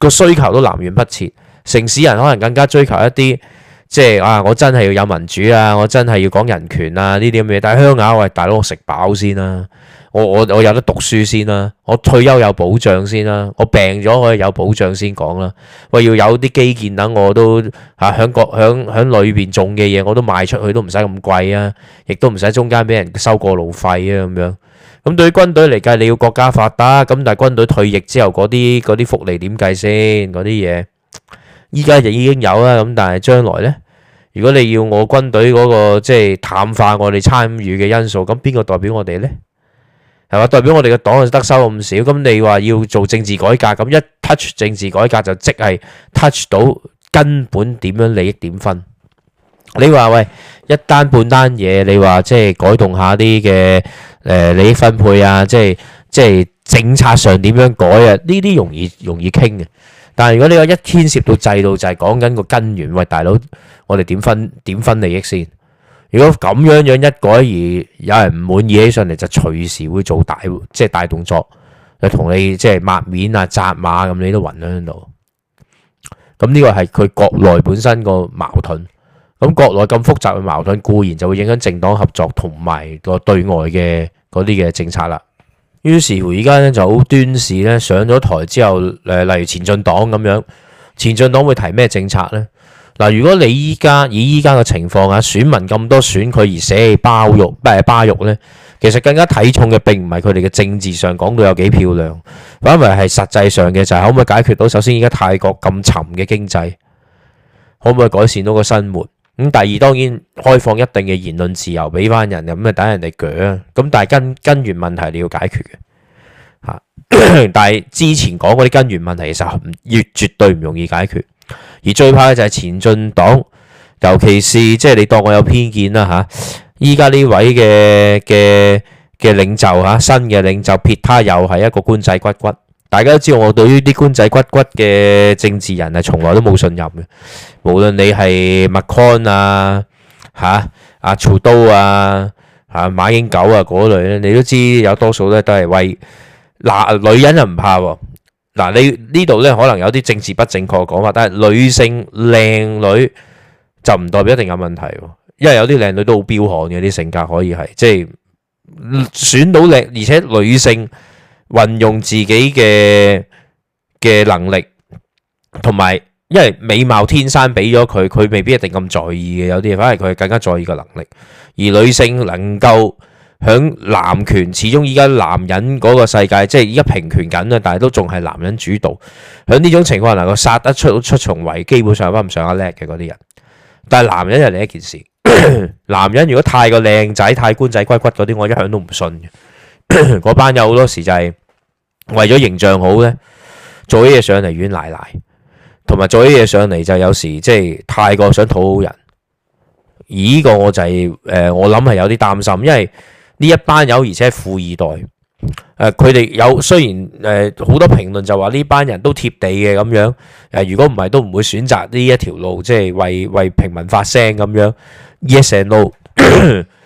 個需求都南轅北轍，城市人可能更加追求一啲即係啊，我真係要有民主啊，我真係要講人權啊呢啲咁嘅嘢。但係鄉下，喂，大佬，我食飽先啦、啊，我我我有得讀書先啦、啊，我退休有保障先啦、啊，我病咗可以有保障先講啦。喂，要有啲基建等、啊、我都啊，響、啊、國響響裏邊種嘅嘢我都賣出去都唔使咁貴啊，亦都唔使中間俾人收過路費啊咁樣。咁對於軍隊嚟計，你要國家發達，咁但係軍隊退役之後嗰啲嗰啲福利點計先？嗰啲嘢，依家就已經有啦。咁但係將來咧，如果你要我軍隊嗰個即係淡化我哋參與嘅因素，咁邊個代表我哋咧？係嘛，代表我哋嘅黨就得收咁少，咁你話要做政治改革，咁一 touch 政治改革就即係 touch 到根本點樣利益點分？你話喂，一單半單嘢，你話即係改動下啲嘅誒利益分配啊，即係即係政策上點樣改啊？呢啲，容易容易傾嘅。但係如果你話一牽涉到制度就係講緊個根源，喂大佬，我哋點分點分利益先？如果咁樣樣一改而有人唔滿意起上嚟，就隨時會做大即係、就是、大動作，就同你即係抹面啊、紮馬咁，你都暈喺度。咁呢個係佢國內本身個矛盾。咁國內咁複雜嘅矛盾，固然就會影響政黨合作同埋個對外嘅嗰啲嘅政策啦。於是乎而家咧就好端視咧上咗台之後，誒例如前進黨咁樣，前進黨會提咩政策呢？嗱，如果你依家以依家嘅情況啊，選民咁多選佢而捨棄巴育誒巴育咧，其實更加睇重嘅並唔係佢哋嘅政治上講到有幾漂亮，反為係實際上嘅就係可唔可以解決到首先依家泰國咁沉嘅經濟，可唔可以改善到個生活？咁第二，當然開放一定嘅言論自由俾翻人，咁啊等人哋鋸。咁但係根根源問題你要解決嘅 但係之前講嗰啲根源問題嘅時候，越絕對唔容易解決。而最怕咧就係前進黨，尤其是即係、就是、你當我有偏見啦嚇。依家呢位嘅嘅嘅領袖嚇，新嘅領袖撇他又係一個官仔骨骨。大家都知道我對於啲官仔骨骨嘅政治人係從來都冇信任嘅，無論你係麥 con 啊、嚇、阿曹刀啊、嚇、啊啊啊、馬英九啊嗰類咧，你都知有多數都係都係威。嗱、呃，女人又唔怕喎、啊。嗱、呃，你呢度咧可能有啲政治不正確嘅講法，但係女性靚女就唔代表一定有問題、啊，因為有啲靚女都好彪悍嘅啲性格，可以係即係選到靚，而且女性。運用自己嘅嘅能力，同埋因為美貌天生俾咗佢，佢未必一定咁在意嘅有啲嘢，反而佢係更加在意個能力。而女性能夠響男權，始終依家男人嗰個世界，即係依家平權緊啦，但係都仲係男人主導。響呢種情況下能夠殺得出出重圍，基本上翻唔上阿叻嘅嗰啲人。但係男人又另一件事， 男人如果太過靚仔、太官仔、骨骨嗰啲，我一向都唔信嘅。嗰 班有好多時就係為咗形象好呢，做啲嘢上嚟軟賴賴，同埋做啲嘢上嚟就有時即係太過想討好人，而呢個我就係、是、誒我諗係有啲擔心，因為呢一班友而且係富二代誒，佢哋有雖然誒好多評論就話呢班人都貼地嘅咁樣誒，如果唔係都唔會選擇呢一條路，即、就、係、是、為為平民發聲咁樣嘢成路。Yes and no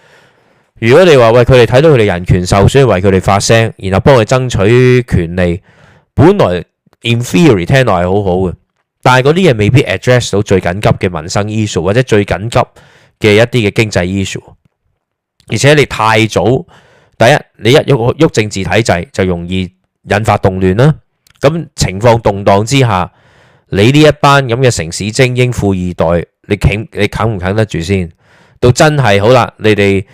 如果你話喂，佢哋睇到佢哋人權受損，為佢哋發聲，然後幫佢爭取權利，本來 in theory 聽落係好好嘅，但係嗰啲嘢未必 address 到最緊急嘅民生 issue 或者最緊急嘅一啲嘅經濟 issue。而且你太早，第一你一喐喐政治體制就容易引發動亂啦。咁情況動盪之下，你呢一班咁嘅城市精英富二代，你啃你啃唔啃得住先？到真係好啦，你哋。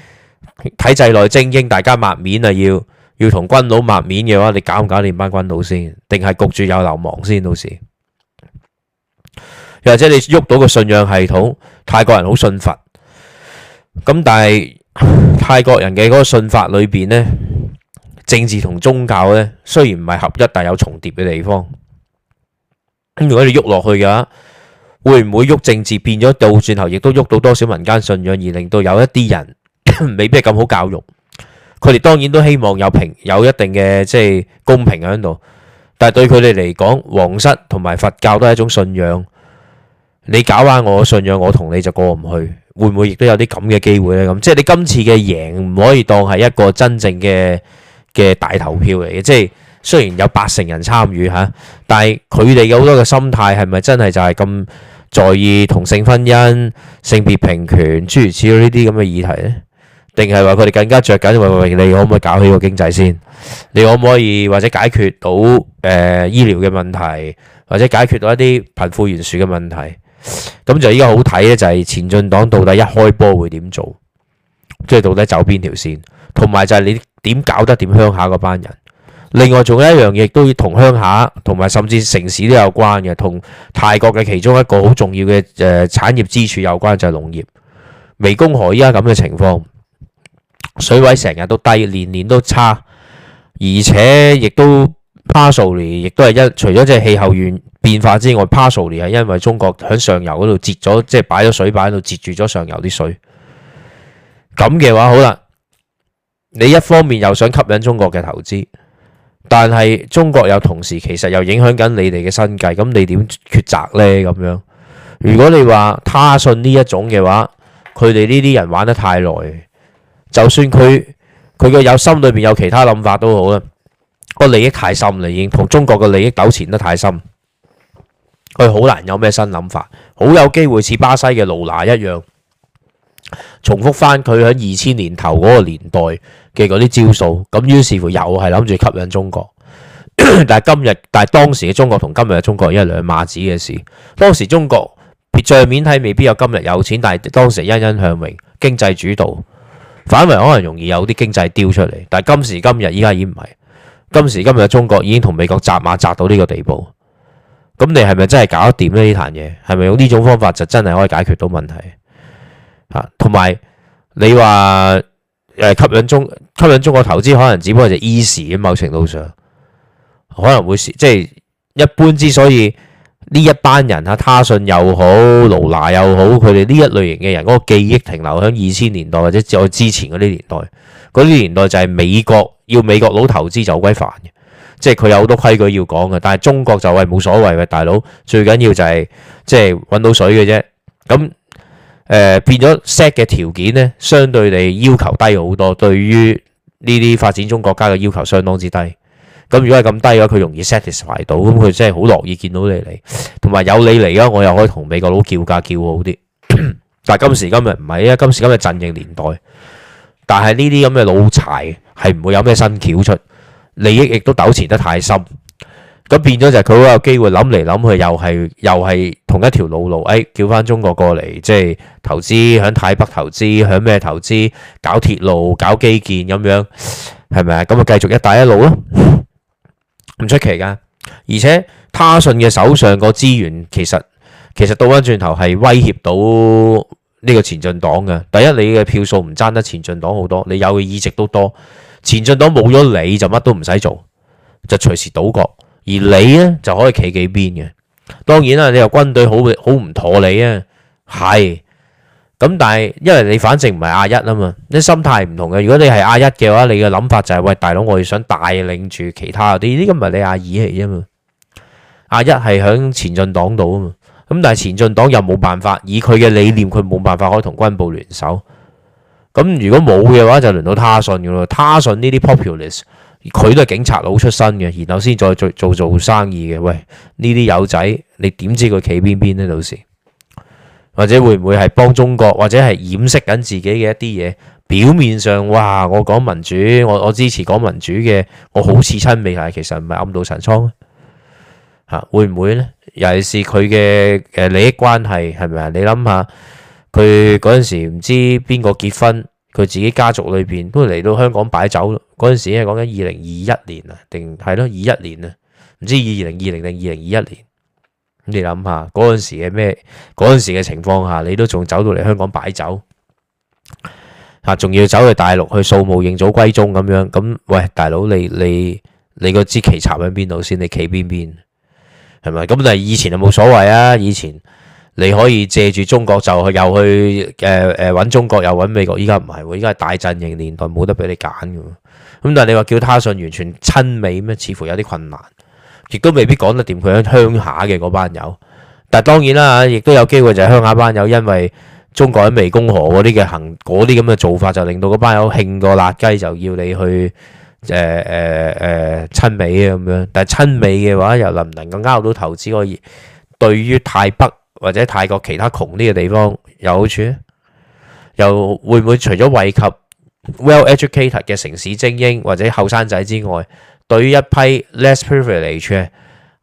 體制內精英，大家抹面啊！要要同軍佬抹面嘅話，你搞唔搞掂班軍佬先？定係焗住有流亡先到時？又或者你喐到個信仰系統？泰國人好信佛，咁但係泰國人嘅嗰個信法裏邊咧，政治同宗教咧，雖然唔係合一，但係有重疊嘅地方。咁如果你喐落去嘅話，會唔會喐政治變咗倒轉頭，亦都喐到多少民間信仰，而令到有一啲人？未必係咁好教育，佢哋當然都希望有平有一定嘅即係公平喺度。但係對佢哋嚟講，皇室同埋佛教都係一種信仰。你搞翻我信仰，我同你就過唔去，會唔會亦都有啲咁嘅機會呢？咁即係你今次嘅贏唔可以當係一個真正嘅嘅大投票嚟嘅。即係雖然有八成人參與吓，但係佢哋有好多嘅心態係咪真係就係咁在意同性婚姻、性別平權諸如此類呢啲咁嘅議題呢？定係話佢哋更加着緊，喂喂喂，你可唔可以搞起個經濟先？你可唔可以或者解決到誒、呃、醫療嘅問題，或者解決到一啲貧富懸殊嘅問題？咁就依家好睇咧，就係、是、前進黨到底一開波會點做，即、就、係、是、到底走邊條線，同埋就係你點搞得掂鄉下嗰班人。另外仲有一樣嘢，都要同鄉下同埋甚至城市都有關嘅，同泰國嘅其中一個好重要嘅誒、呃、產業支柱有關，就係、是、農業。湄公河依家咁嘅情況。水位成日都低，年年都差，而且亦都 p a s 亦都係一除咗即係氣候變變化之外 p a s 係因為中國響上游嗰度截咗，即係擺咗水壩度截住咗上游啲水。咁嘅話好啦，你一方面又想吸引中國嘅投資，但係中國又同時其實又影響緊你哋嘅生計，咁你點抉擇咧？咁樣，如果你話他信呢一種嘅話，佢哋呢啲人玩得太耐。就算佢佢嘅有心裏邊有其他諗法都好啦，個利益太深啦，已經同中國嘅利益糾纏得太深，佢好難有咩新諗法，好有機會似巴西嘅盧拉一樣重複翻佢喺二千年頭嗰個年代嘅嗰啲招數，咁於是乎又係諗住吸引中國， 但係今日但係當時嘅中國同今日嘅中國係一兩碼子嘅事。當時中國別正面睇未必有今日有錢，但係當時欣欣向榮經濟主導。反為可能容易有啲經濟丟出嚟，但係今時今日依家已經唔係，今時今日中國已經同美國紮馬紮到呢個地步，咁你係咪真係搞得掂呢？呢壇嘢？係咪用呢種方法就真係可以解決到問題？啊，同埋你話誒吸引中吸引中國投資，可能只不過就 easy 某程度上可能會即係、就是、一般之所以。呢一班人哈，他信又好，盧拿又好，佢哋呢一類型嘅人，嗰個記憶停留喺二千年代或者再之前嗰啲年代，嗰啲年，年代就係美國要美國佬投資就好鬼煩嘅，即係佢有好多規矩要講嘅。但係中國就係冇所謂嘅大佬，最緊要就係即係揾到水嘅啫。咁誒、呃、變咗 set 嘅條件呢，相對地要求低好多，對於呢啲發展中國家嘅要求相當之低。咁如果係咁低嘅話，佢容易 satisfy 到，咁佢真係好樂意見到你嚟，同埋有你嚟啊，我又可以同美國佬叫價叫好啲。但係今時今日唔係啊，今時今日陣營年代，但係呢啲咁嘅老柴係唔會有咩新橋出，利益亦都糾纏得太深，咁變咗就係佢好有機會諗嚟諗去，又係又係同一條老路，路，誒、哎、叫翻中國過嚟，即係投資喺泰北投資，喺咩投資，搞鐵路、搞基建咁樣，係咪啊？咁啊，繼續一帶一路咯。 唔出奇噶，而且他信嘅手上個資源其、其實其實倒翻轉頭係威脅到呢個前進黨嘅。第一，你嘅票數唔爭得前進黨好多，你有嘅議席都多，前進黨冇咗你就乜都唔使做，就隨時倒閣，而你呢，就可以企幾邊嘅。當然啦，你又軍隊好好唔妥你啊，係。咁但係，因為你反正唔係阿一啊嘛，你心態唔同嘅。如果你係阿一嘅話，你嘅諗法就係、是、喂大佬，我要想帶領住其他嗰啲，呢啲唔係你阿二嚟啫嘛。阿一係響前進黨度啊嘛，咁但係前進黨又冇辦法，以佢嘅理念，佢冇辦法可以同軍部聯手。咁如果冇嘅話，就輪到他信噶啦。他信呢啲 populists，佢都係警察佬出身嘅，然後先再做做，做生意嘅。喂，呢啲友仔，你點知佢企邊邊呢？到時。或者會唔會係幫中國，或者係掩飾緊自己嘅一啲嘢？表面上，哇，我講民主，我我支持講民主嘅，我好似親美，但係其實唔係暗度陳倉啊？吓，會唔會咧？尤其是佢嘅誒利益關係係咪啊？你諗下，佢嗰陣時唔知邊個結婚，佢自己家族裏邊都嚟到香港擺酒咯。嗰陣時係講緊二零二一年啊，定係咯二一年啊，唔知二零二零定二零二一年。你諗下，嗰陣時嘅咩？嗰陣時嘅情況下，你都仲走到嚟香港擺酒，啊，仲要走去大陸去掃墓認祖歸宗咁樣。咁喂，大佬，你你你個支旗插喺邊度先？你企邊邊係咪？咁但係以前就冇所謂啊。以前你可以借住中國就去，又去誒誒搵中國，又搵美國。依家唔係喎，依家係大陣營年代，冇得俾你揀嘅。咁但係你話叫他信完全親美咩？似乎有啲困難。亦都未必講得掂佢喺鄉下嘅嗰班友，但係當然啦，亦都有機會就係鄉下班友，因為中國喺湄公河嗰啲嘅行啲咁嘅做法，就令到嗰班友嬲過辣雞，就要你去誒誒誒親美啊咁樣。但係親美嘅話，又能唔能夠勾到投資可以對於泰北或者泰國其他窮啲嘅地方有好處？又會唔會除咗惠及 well educated 嘅城市精英或者後生仔之外？對於一批 less privilege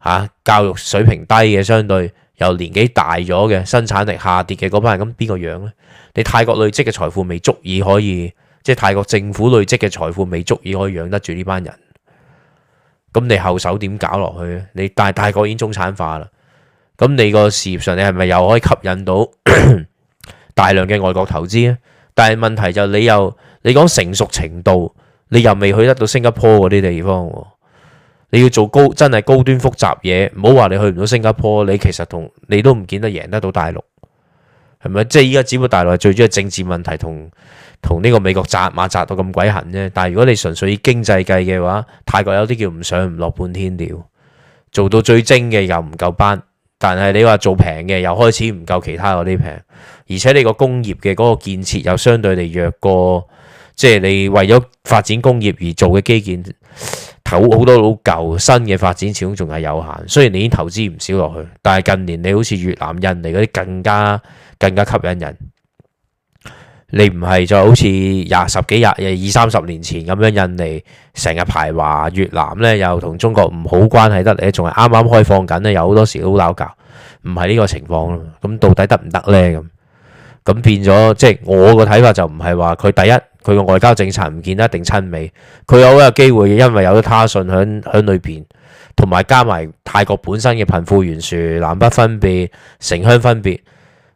啊，教育水平低嘅，相對又年紀大咗嘅，生產力下跌嘅嗰班人，咁邊個養咧？你泰國累積嘅財富未足以可以，即係泰國政府累積嘅財富未足以可以養得住呢班人。咁你後手點搞落去咧？你大泰國已經中產化啦，咁你個事業上你係咪又可以吸引到 大量嘅外國投資咧？但係問題就你又你講成熟程度。你又未去得到新加坡嗰啲地方，你要做高真係高端複雜嘢，唔好話你去唔到新加坡，你其實同你都唔見得贏得到大陸，係咪？即係依家只不過大陸最主要政治問題同同呢個美國扎馬扎到咁鬼痕啫。但係如果你純粹以經濟計嘅話，泰國有啲叫唔上唔落半天料，做到最精嘅又唔夠班，但係你話做平嘅又開始唔夠其他嗰啲平，而且你個工業嘅嗰個建設又相對嚟弱過。即係你為咗發展工業而做嘅基建，投好多老舊新嘅發展，始終仲係有限。雖然你已經投資唔少落去，但係近年你好似越南、印尼嗰啲更加更加吸引人。你唔係就好似廿十幾廿二三十年前咁樣，印尼成日排華，越南呢又同中國唔好關係得嚟，仲係啱啱開放緊咧，有好多時都好拗撬，唔係呢個情況咯。咁到底得唔得呢？咁咁變咗，即係我個睇法就唔係話佢第一。佢個外交政策唔見得一定親美，佢有好嘅機會，因為有咗他信響響裏邊，同埋加埋泰國本身嘅貧富懸殊、南北分別、城鄉分別，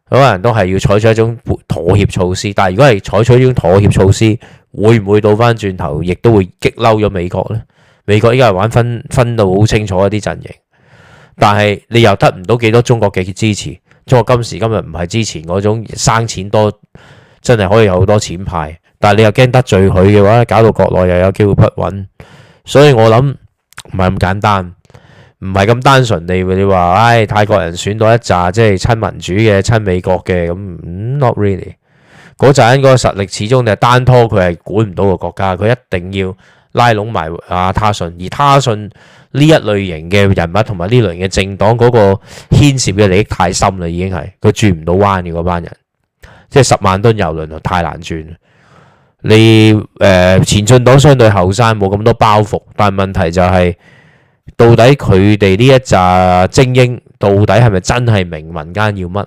佢可能都係要採取一種妥協措施。但係如果係採取一種妥協措施，會唔會倒返轉頭亦都會激嬲咗美國呢？美國依家係玩分分到好清楚一啲陣營，但係你又得唔到幾多中國嘅支持。中國今時今日唔係之前嗰種生錢多，真係可以有好多錢派。但你又驚得罪佢嘅話，搞到國內又有機會不穩，所以我諗唔係咁簡單，唔係咁單純地你話唉、哎，泰國人選到一紮即係親民主嘅、親美國嘅咁、嗯，not really。嗰扎人個實力始終你係單拖，佢係管唔到個國家，佢一定要拉攏埋阿他信，而他信呢一類型嘅人物同埋呢類型嘅政黨嗰個牽涉嘅利益太深啦，已經係佢轉唔到彎嘅嗰班人，即係十萬噸油輪就太難轉。你誒、呃、前進黨相對後生冇咁多包袱，但係問題就係、係、到底佢哋呢一紮精英到底係咪真係明民間要乜？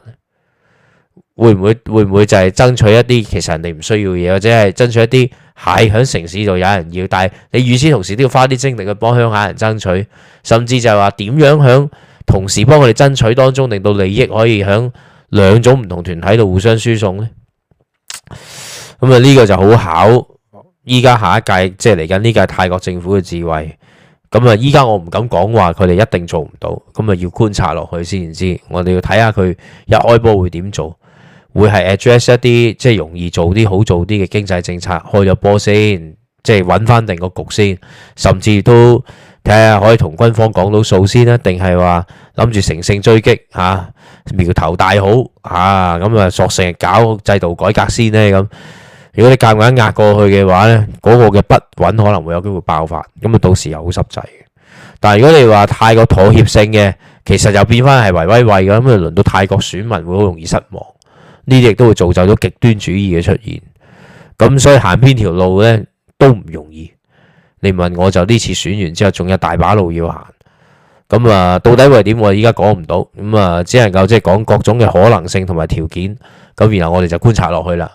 會唔會會唔會就係爭取一啲其實人哋唔需要嘢，或者係爭取一啲蟹喺城市度有人要，但係你與此同時都要花啲精力去幫鄉下人爭取，甚至就係話點樣響同時幫佢哋爭取當中，令到利益可以響兩種唔同團體度互相輸送呢？咁啊呢個就好考，依家下一屆即係嚟緊呢屆泰國政府嘅智慧。咁啊依家我唔敢講話佢哋一定做唔到，咁、嗯、啊要觀察落去先知。我哋要睇下佢一開波會點做，會係 address 一啲即係容易做啲好做啲嘅經濟政策開咗波先，即係搵翻定個局先，甚至都睇下可以同軍方講到數先啦，定係話諗住乘勝追擊啊，苗頭大好啊，咁、嗯、啊索性搞制度改革先咧咁。啊如果你夾硬壓過去嘅話呢，嗰個嘅不穩可能會有機會爆發，咁啊到時又好濕滯嘅。但係如果你話太過妥協性嘅，其實又變翻係唯唯畏咁啊，輪到泰國選民會好容易失望，呢啲亦都會造就咗極端主義嘅出現。咁所以行邊條路呢都唔容易。你問我就呢次選完之後，仲有大把路要行。咁啊，到底會點？我依家講唔到，咁啊，只能夠即係講各種嘅可能性同埋條件。咁然後我哋就觀察落去啦。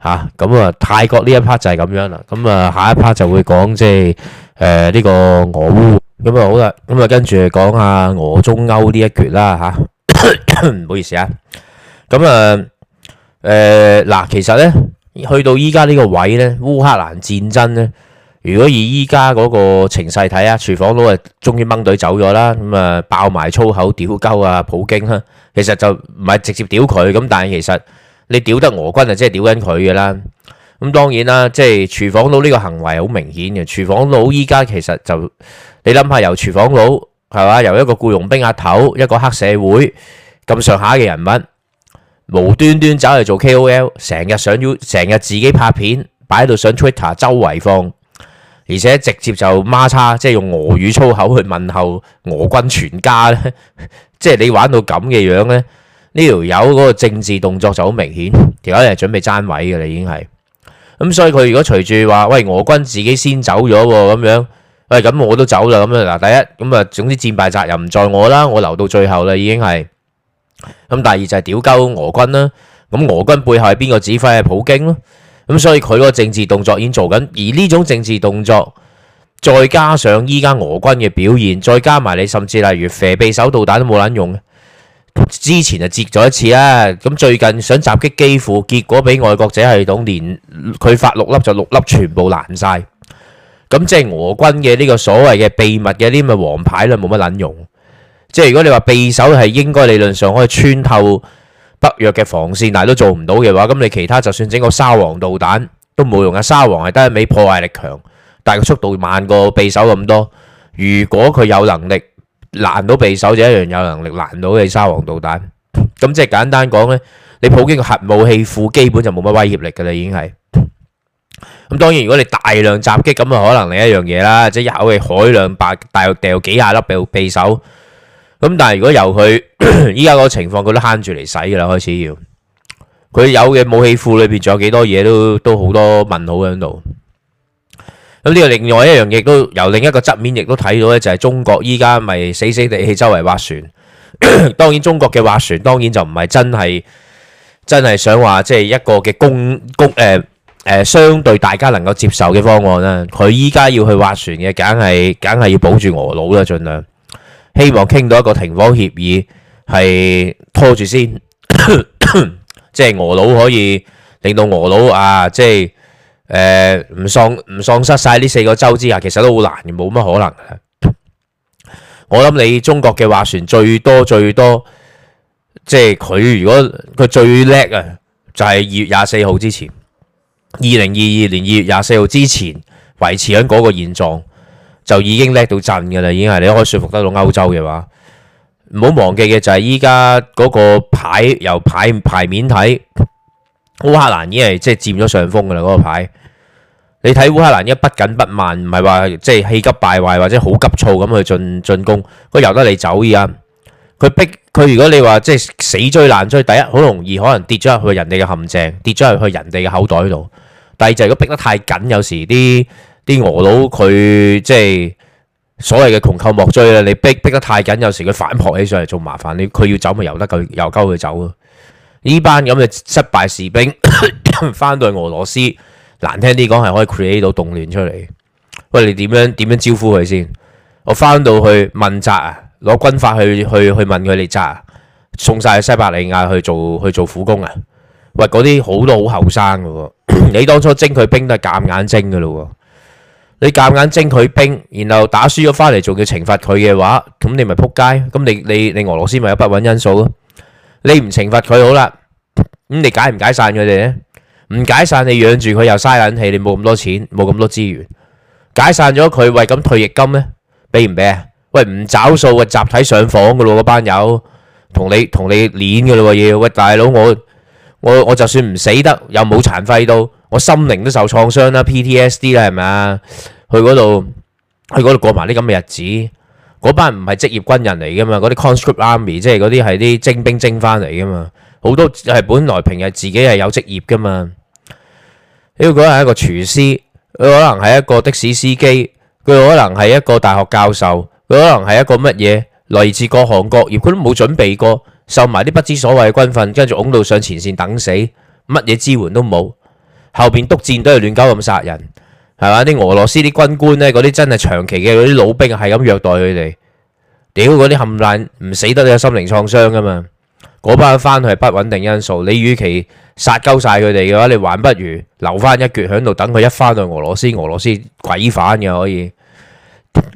吓，咁啊，泰國呢一 part 就係咁樣啦，咁啊下一 part 就會講即係誒呢個俄烏，咁、嗯、啊好啦，咁、嗯、啊跟住講下俄中歐呢一橛啦吓，唔、啊、好意思啊，咁啊誒嗱、呃，其實咧去到依家呢個位咧，烏克蘭戰爭咧，如果以依家嗰個情勢睇啊，廚房佬啊終於掹隊走咗啦，咁啊爆埋粗口、屌鳩啊普京啊，其實就唔係直接屌佢咁，但係其實。你屌得俄軍啊，即係屌緊佢嘅啦。咁當然啦，即係廚房佬呢個行為好明顯嘅。廚房佬依家其實就你諗下，由廚房佬係嘛，由一個僱傭兵阿頭，一個黑社會咁上下嘅人物，無端端走嚟做 KOL，成日想要，成日自己拍片擺喺度上 Twitter 周圍放，而且直接就孖叉，即係用俄語粗口去問候俄軍全家咧， 即係你玩到咁嘅樣咧。呢條友嗰個政治動作就好明顯，條友係準備爭位嘅啦，已經係咁，所以佢如果隨住話喂，俄軍自己先走咗喎咁樣，喂咁我都走啦咁啊。嗱，第一咁啊，總之戰敗責任唔在我啦，我留到最後啦，已經係咁，第二就係屌鳩俄軍啦，咁俄軍背後係邊個指揮？係普京咯，咁所以佢個政治動作已經做緊，而呢種政治動作再加上依家俄軍嘅表現，再加埋你甚至例如匕首導彈都冇撚用嘅。之前就截咗一次啦，咁最近想襲擊基輔，結果俾愛國者系統連佢發六粒就六粒全部爛晒。咁即係俄軍嘅呢個所謂嘅秘密嘅啲咁嘅王牌啦，冇乜撚用。即係如果你話匕首係應該理論上可以穿透北約嘅防線，但係都做唔到嘅話，咁你其他就算整個沙皇導彈都冇用啊。沙皇係得一味破壞力強，但係個速度慢過匕首咁多。如果佢有能力，攔到匕首就一樣有能力攔到你沙皇導彈，咁即係簡單講呢，你普京核武器庫基本就冇乜威脅力㗎啦，已經係。咁當然如果你大量襲擊，咁啊可能另一樣嘢啦，即係一口氣海量白，大概掉幾廿粒匕首。咁但係如果由佢依家個情況，佢都慳住嚟使㗎啦，開始要。佢有嘅武器庫裏邊仲有幾多嘢都都好多問號喺度。咁呢個另外一樣嘢都由另一個側面亦都睇到咧，就係、是、中國依家咪死死地氣周圍斡旋。 當然，中國嘅斡旋當然就唔係真係真係想話即係一個嘅公公誒誒、呃呃、相對大家能夠接受嘅方案啦。佢依家要去斡旋嘅，梗係梗係要保住俄佬啦，盡量希望傾到一個停火協議，係拖住先，即係、 就是、俄佬可以令到俄佬啊，即係。誒，唔喪唔喪失晒呢四個州之下，其實都好難，冇乜可能。我諗你中國嘅划船最多最多，即係佢如果佢最叻啊，就係二月廿四號之前，二零二二年二月廿四號之前維持緊嗰個現狀，就已經叻到震㗎啦，已經係你可以說服得到歐洲嘅話。唔好忘記嘅就係依家嗰個牌，由牌牌面睇。烏克蘭已經係即係佔咗上風噶啦，嗰個牌。你睇烏克蘭依家不緊不慢，唔係話即係氣急敗壞或者好急躁咁去進進攻。佢由得你走依家，佢逼佢如果你話即係死追難追，第一好容易可能跌咗入去人哋嘅陷阱，跌咗入去人哋嘅口袋度。第二就係如果逼得太緊，有時啲啲俄佬佢即係所謂嘅窮寇莫追啦。你逼逼得太緊，有時佢反撲起上嚟仲麻煩。你佢要走咪由得佢，由鳩佢走呢班咁嘅失敗士兵翻到去俄羅斯，難聽啲講係可以 create 到動亂出嚟。喂，你點樣點樣招呼佢先？我翻到去問責啊，攞軍法去去去問佢哋責啊，送晒去西伯利亞去做去做苦工啊！喂，嗰啲好多好後生嘅喎，你當初徵佢兵都係夾硬徵嘅咯喎，你夾硬徵佢兵，然後打輸咗翻嚟仲要懲罰佢嘅話，咁你咪撲街，咁你你你俄羅斯咪有不穩因素咯？你唔懲罰佢好啦。咁、嗯、你解唔解散佢哋咧？唔解散你養住佢又嘥人氣，你冇咁多錢，冇咁多資源。解散咗佢，喂，咁退役金咧，俾唔俾啊？喂，唔找數啊，集體上訪噶咯，嗰班友同你同你攆噶咯，要喂大佬我我我就算唔死得又冇殘廢到，我心靈都受創傷啦，PTSD 啦係咪啊？去嗰度去嗰度過埋啲咁嘅日子，嗰班唔係職業軍人嚟噶嘛，嗰啲 conscript army 即係嗰啲係啲徵兵徵翻嚟噶嘛。好多係本來平日自己係有職業噶嘛，佢可能係一個廚師，佢可能係一個的士司機，佢可能係一個大學教授，佢可能係一個乜嘢，來自各行各業，亦佢都冇準備過，受埋啲不知所謂嘅軍訓，跟住拱到上前線等死，乜嘢支援都冇，後邊督戰都係亂搞咁殺人，係咪啲俄羅斯啲軍官咧，嗰啲真係長期嘅嗰啲老兵係咁虐待佢哋，屌嗰啲冚唪唥唔死都有心靈創傷噶嘛。嗰班翻去係不穩定因素，你與其殺鳩曬佢哋嘅話，你還不如留翻一撅喺度，等佢一翻去俄羅斯，俄羅斯鬼反嘅可以。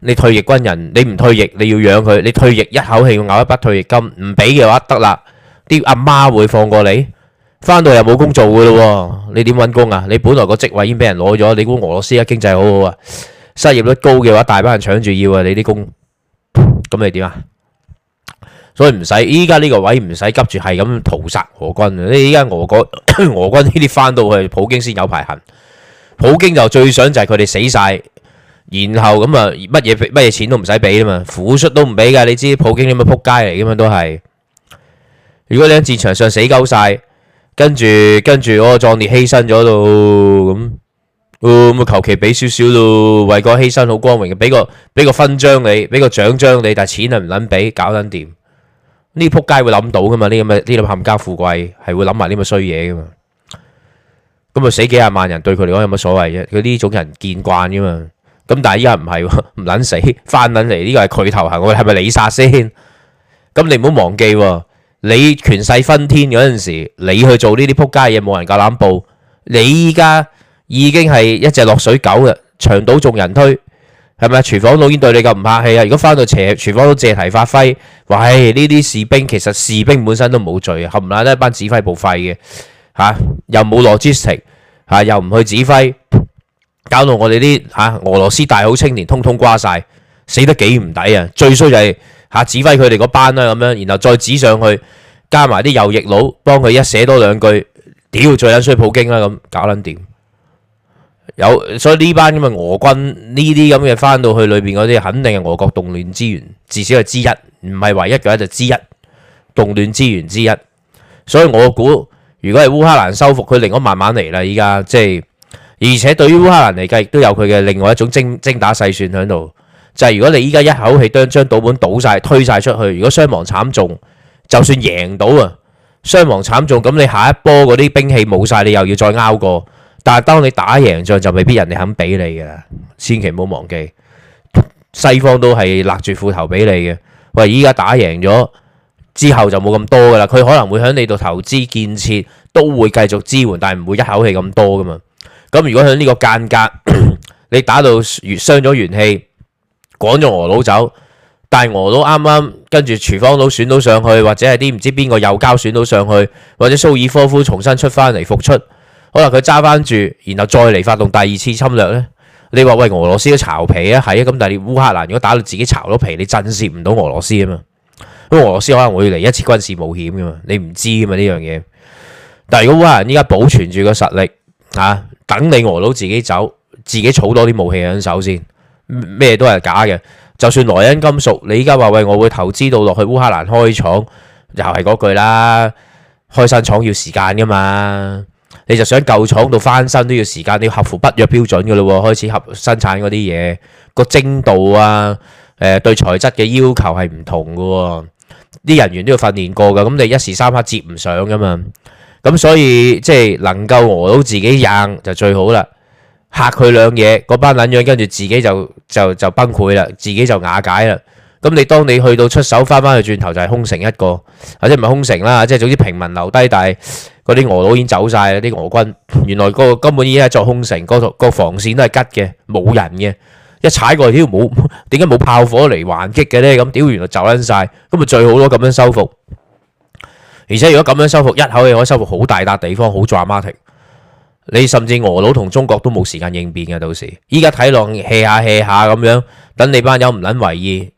你退役軍人，你唔退役，你要養佢；你退役一口氣要咬一筆退役金，唔俾嘅話得啦。啲阿媽會放過你，翻到去又冇工做嘅咯。你點揾工啊？你本來個職位已經俾人攞咗，你估俄羅斯而家經濟好好啊？失業率高嘅話，大班人搶住要啊！你啲工咁你點啊？所以唔使，依家呢個位唔使急住係咁屠殺俄， 俄軍啊！依家俄國俄軍呢啲翻到去，普京先有排行。普京就最想就係佢哋死晒，然後咁啊乜嘢乜嘢錢都唔使俾啊嘛，撫恤都唔俾噶。你知普京啲乜扑街嚟噶嘛都係。如果你喺戰場上死鳩晒，跟住跟住我個壯烈犧牲咗咯，咁咁啊求其俾少少咯，為個犧牲好光榮嘅，俾個俾個勳章你，俾個獎章你，但係錢係唔捻俾，搞捻掂。呢啲撲街會諗到噶嘛？呢咁嘅呢咁冚家富貴係會諗埋呢咁嘅衰嘢噶嘛？咁啊死幾廿萬人對佢嚟講有乜所謂啫？佢呢種人見慣噶嘛？咁但係依家唔係喎，唔捻死翻捻嚟，呢個係佢投降，係咪你殺先？咁你唔好忘記，你權勢熏天嗰陣時，你去做呢啲撲街嘢冇人夠膽報，你依家已經係一隻落水狗啦，牆倒眾人推。係咪啊？廚房老已經對你咁唔客氣啊！如果翻到斜廚房都借題發揮，話呢啲士兵其實士兵本身都冇罪啊，冚唪唥都一班指揮部廢嘅吓，又冇 logistics 又唔去指揮，搞到我哋啲吓俄羅斯大好青年通通瓜晒，死得幾唔抵啊！最衰就係、是、吓、啊、指揮佢哋嗰班啦，咁樣然後再指上去，加埋啲右翼佬幫佢一寫多兩句，屌最撚衰普京啦、啊、咁，搞撚點？有，所以呢班咁嘅俄軍呢啲咁嘅翻到去裏邊嗰啲，肯定係俄國動亂之源，至少係之一，唔係唯一嘅，就之一動亂之源之一。所以我估如果係烏克蘭收復，佢寧可慢慢嚟啦。依家即係而且對於烏克蘭嚟計，亦都有佢嘅另外一種精精打細算喺度，就係、是、如果你依家一口氣將將賭本倒晒推晒出去，如果傷亡慘重，就算贏到啊，傷亡慘重，咁你下一波嗰啲兵器冇晒，你又要再拗過。但係當你打贏仗就未必人哋肯俾你嘅啦，千祈唔好忘記，西方都係勒住褲頭俾你嘅。喂，依家打贏咗之後就冇咁多噶啦，佢可能會喺你度投資建設，都會繼續支援，但係唔會一口氣咁多噶嘛。咁如果喺呢個間隔， 你打到越傷咗元氣，趕咗俄佬走，但係俄佬啱啱跟住廚房佬選到上去，或者係啲唔知邊個又交選到上去，或者蘇爾科夫重新出翻嚟復出。可能佢揸翻住，然後再嚟發動第二次侵略呢？你話，喂，俄羅斯都巢皮啊，係啊咁。但係你烏克蘭如果打到自己巢咗皮，你震懾唔到俄羅斯啊嘛。因為俄羅斯可能會嚟一次軍事冒險噶嘛，你唔知啊嘛呢樣嘢。但係如果烏克蘭依家保存住個實力啊，等你俄佬自己走，自己儲多啲武器喺手先，咩都係假嘅。就算萊恩金屬，你依家話喂我會投資到落去烏克蘭開廠，又係嗰句啦，開新廠要時間噶嘛。你就想舊廠度翻新都要時間，要合乎不約標準嘅咯喎，開始合生產嗰啲嘢，個精度啊，誒對材質嘅要求係唔同嘅喎，啲人員都要訓練過嘅，咁你一時三刻接唔上嘅嘛，咁所以即係能夠餓到自己硬就最好啦，嚇佢兩嘢，嗰班撚樣跟住自己就就就崩潰啦，自己就瓦解啦，咁你當你去到出手翻翻去轉頭就係空城一個，或者唔係空城啦，即係總之平民留低，但係。啲俄佬已經走晒啦，啲俄軍原來個根本已經係作空城，個個防線都係吉嘅，冇人嘅。一踩過去，屌冇，點解冇炮火嚟還擊嘅咧？咁屌，原來走撚晒，咁咪最好咯，咁樣收復。而且如果咁樣收復，一口氣可以收復好大笪地方，好壯 marting。你甚至俄佬同中國都冇時間應變嘅，到時依家睇落 hea 下 hea 下咁樣，等你班友唔捻為意。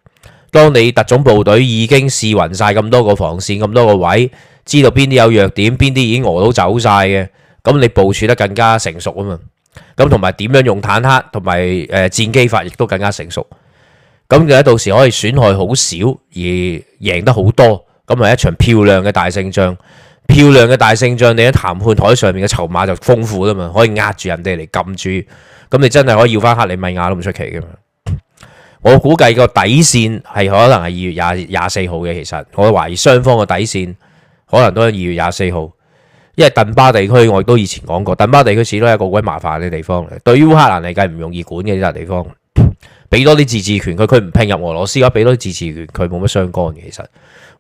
當你特種部隊已經試勻晒咁多個防線，咁多個位。知道邊啲有弱點，邊啲已經餓到走晒嘅，咁你部署得更加成熟啊嘛。咁同埋點樣用坦克同埋誒戰機法，亦都更加成熟。咁嘅到時可以損害好少而贏得好多，咁係一場漂亮嘅大勝仗。漂亮嘅大勝仗，你喺談判台上面嘅籌碼就豐富啊嘛，可以壓住人哋嚟撳住，咁你真係可以要返克里米亞都唔出奇嘅嘛。我估計個底線係可能係二月廿廿四號嘅。其實我懷疑雙方嘅底線。可能都係二月廿四號，因為頓巴地區，我亦都以前講過，頓巴地區始終係一個鬼麻煩嘅地方嚟。對於烏克蘭嚟計唔容易管嘅呢笪地方，俾多啲自治權佢，佢唔拼入俄羅斯嘅話，俾多啲自治權佢冇乜相干嘅。其實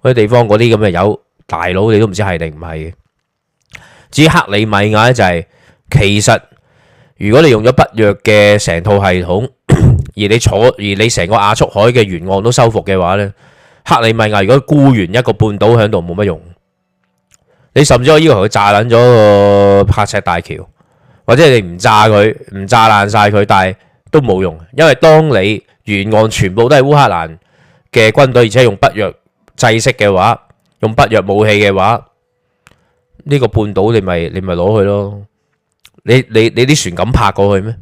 嗰啲地方嗰啲咁嘅有大佬，你都唔知係定唔係。至於克里米亞就係，其實，如果你用咗北約嘅成套系統，而你坐而你成個亞速海嘅沿岸都收復嘅話咧，克里米亞如果孤完一個半島喺度冇乜用。你甚至可以同佢炸爛咗個刻赤大橋，或者你唔炸佢，唔炸爛晒佢，但係都冇用，因為當你沿岸全部都係烏克蘭嘅軍隊，而且用北約制式嘅話，用北約武器嘅話，呢個半島你咪你咪攞佢咯，你你你啲船敢拍過去咩？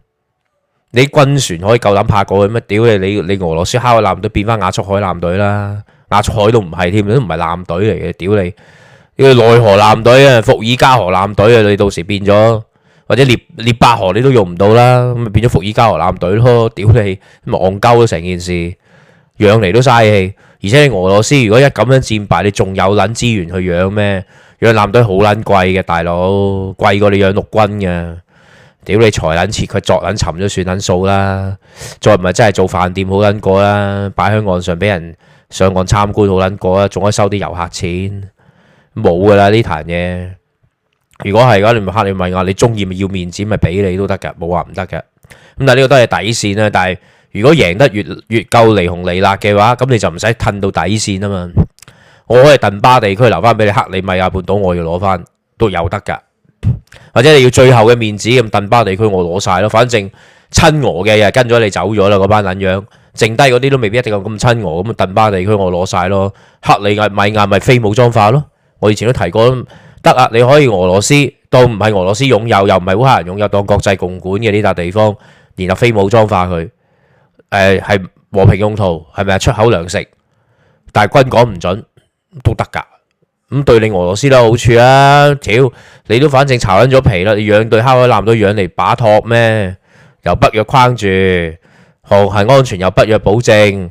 你軍船可以夠膽拍過去咩？屌你，你你俄羅斯黑海艦隊變翻亞速海艦隊啦，亞速海都唔係添，都唔係艦隊嚟嘅，屌你！佢內河艦隊啊，伏爾加河艦隊啊，你到時變咗或者列列巴河你，你都用唔到啦，咁咪變咗伏爾加河艦隊咯？屌你咁戇鳩，咗成件事，養嚟都嘥氣。而且你俄羅斯如果一咁樣戰敗，你仲有捻資源去養咩？養艦隊好捻貴嘅，大佬貴過你養陸軍嘅。屌你財捻切，佢作捻沉咗算捻數啦。再唔係真係做飯店好捻過啦，擺喺岸上俾人上岸參觀好捻過啦，仲可以收啲遊客錢。冇噶啦呢壇嘢，如果係嘅，你咪克里米亞你中意咪要面子咪俾你都得噶，冇話唔得嘅。咁但係呢個都係底線啦。但係如果贏得越越夠離行離列嘅話，咁你就唔使褪到底線啊嘛。我係鄧巴地區留翻俾你克里米亞半島，我要攞翻都有得噶。或者你要最後嘅面子咁，鄧巴地區我攞晒咯。反正親俄嘅又跟咗你走咗啦，嗰班捻樣，剩低嗰啲都未必一定有咁親俄，咁啊鄧巴地區我攞晒咯。克里米亞咪非武裝化咯。我以前都提過，得啦，你可以俄羅斯當唔係俄羅斯擁有，又唔係烏克蘭擁有，當國際共管嘅呢笪地方，然後非武裝化佢，誒係和平用途，係咪啊？出口糧食，但係軍港唔准都得噶，咁對你俄羅斯都有好處啦，屌你都反正炒撚咗皮啦，你養對黑海南都養嚟把托咩？由北約框住，係安全又北約保證。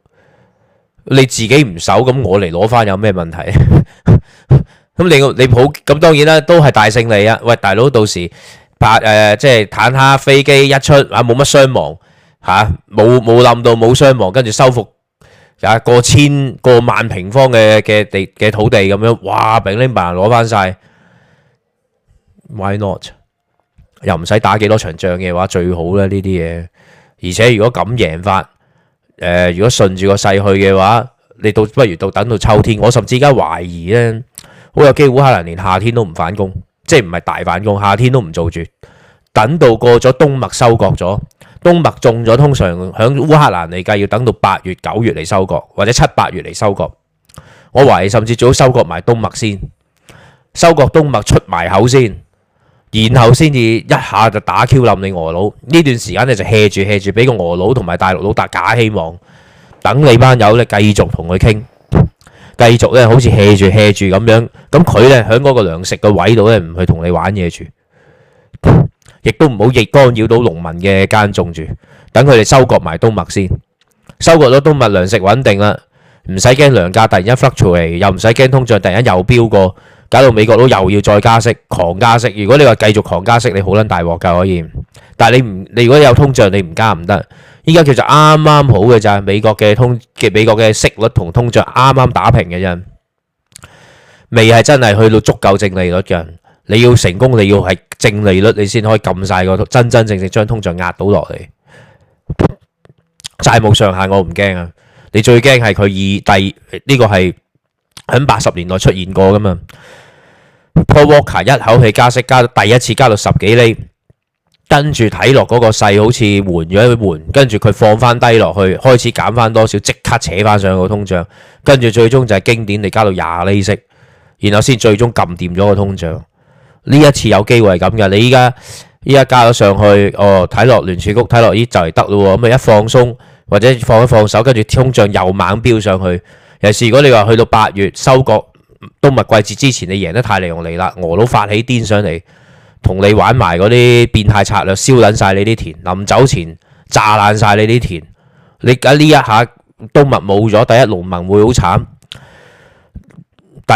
你自己唔守，咁我嚟攞翻有咩問題？咁你你普咁當然啦，都係大勝利啊！喂，大佬，到時坦誒，即係坦克飛機一出啊，冇乜傷亡吓，冇冇冧到冇傷亡，跟住收復啊過千過萬平方嘅嘅地嘅土地咁樣，哇！俾呢班人攞翻晒，Why not？又唔使打幾多場仗嘅話最好啦，呢啲嘢，而且如果咁贏法。誒，如果順住個勢去嘅話，你到不如到等到秋天。我甚至而家懷疑呢，好有機會，烏克蘭連夏天都唔反攻，即係唔係大反攻，夏天都唔做住，等到過咗冬麥收割咗，冬麥種咗，通常響烏克蘭嚟計，要等到八月九月嚟收割，或者七八月嚟收割。我懷疑甚至最好收割埋冬麥先，收割冬麥出埋口先。然後先至一下就打 Q 冧你俄佬呢段時間咧就 hea 住 hea 住俾個俄佬同埋大陸佬搭假希望，等你班友咧繼續同佢傾，繼續咧好似 hea 住 hea 住咁樣，咁佢咧響嗰個糧食嘅位度咧唔去同你玩嘢住，亦都唔好亦干擾到農民嘅耕種住，等佢哋收割埋冬麥先，收割咗冬麥，糧食穩定啦，唔使驚糧價突然一 fluctuate，又唔使驚通脹突然又飆過。搞到美國都又要再加息，狂加息。如果你話繼續狂加息，你好撚大鑊㗎可以。但係你唔，你如果有通脹，你唔加唔得。依家其實啱啱好嘅就係，美國嘅通嘅美國嘅息率同通脹啱啱打平嘅啫，未係真係去到足夠正利率嘅。你要成功，你要係正利率，你先可以撳晒個真真正正將通脹壓到落嚟。債務上限我唔驚啊，你最驚係佢第二呢個係。喺八十年代出現過噶嘛，Paul Volcker 一口氣加息加到第一次加到十幾厘，跟住睇落嗰個勢好似緩咗一緩，跟住佢放翻低落去，開始減翻多少，即刻扯翻上個通脹，跟住最終就係經典，你加到廿厘息，然後先最終撳掂咗個通脹。呢一次有機會係咁嘅，你依家依家加咗上去，哦，睇落聯儲局睇落咦，就係得啦，咁啊、嗯、一放鬆或者放一放手，跟住通脹又猛飆上去。尤其是如果你話去到八月收割冬麥季節之前，你贏得太利用嚟啦，俄佬發起癲上嚟，同你玩埋嗰啲變態策略，燒撚晒你啲田，臨走前炸爛晒你啲田，你而家呢一下冬麥冇咗，第一農民會好慘，第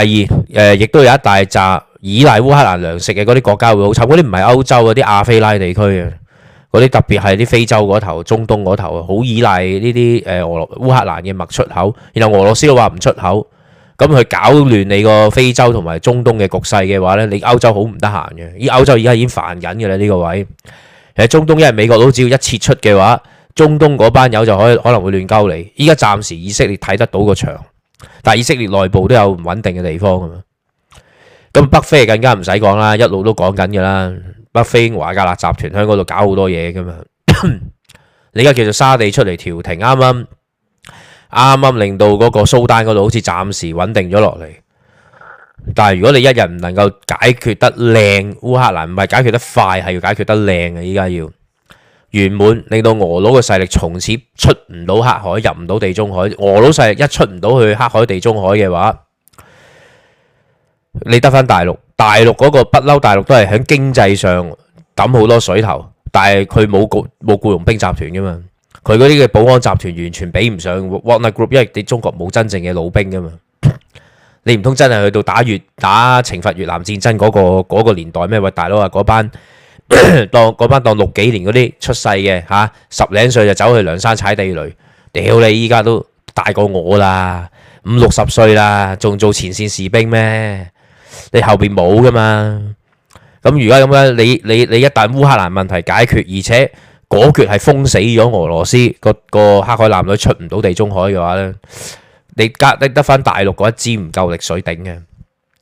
二誒，亦都有一大紮依賴烏克蘭糧食嘅嗰啲國家會好慘。嗰啲唔係歐洲嗰啲亞非拉地區啊。嗰啲特別係啲非洲嗰頭、中東嗰頭啊，好依賴呢啲誒俄羅烏克蘭嘅物出口，然後俄羅斯都話唔出口，咁佢搞亂你個非洲同埋中東嘅局勢嘅話咧，你歐洲好唔得閒嘅，而歐洲而家已經煩緊嘅啦呢個位。其實中東因為美國佬只要一撤出嘅話，中東嗰班友就可以可能會亂鳩你。依家暫時以色列睇得到個場，但係以色列內部都有唔穩定嘅地方㗎嘛。咁北非更加唔使講啦，一路都講緊㗎啦。北非瓦格納集團喺嗰度搞好多嘢噶嘛？你而家叫做沙地出嚟調停，啱啱啱啱令到嗰個蘇丹嗰度好似暫時穩定咗落嚟。但係如果你一日唔能夠解決得靚，烏克蘭唔係解決得快，係要解決得靚嘅，依家要圓滿，令到俄佬嘅勢力從此出唔到黑海，入唔到地中海。俄佬勢力一出唔到去黑海、地中海嘅話，你得返大陸。大陸嗰、那個不嬲，大陸都係喺經濟上抌好多水頭，但係佢冇僱冇僱傭兵集團㗎嘛。佢嗰啲嘅保安集團完全比唔上 Wagner Group，因為你中國冇真正嘅老兵㗎嘛。 你唔通真係去到打越打懲罰越南戰爭嗰、那個那個年代咩？喂，大佬啊，嗰班， 班當嗰班當六幾年嗰啲出世嘅嚇，十零歲就走去梁山踩地雷，屌 你！依家都大過我啦，五六十歲啦，仲做前線士兵咩？你後面冇噶嘛？咁如果咁樣，你你你一旦烏克蘭問題解決，而且果決係封死咗俄羅斯、嗰個黑海艦隊出唔到地中海嘅話呢，你隔得得翻大陸嗰一支唔夠力水頂嘅，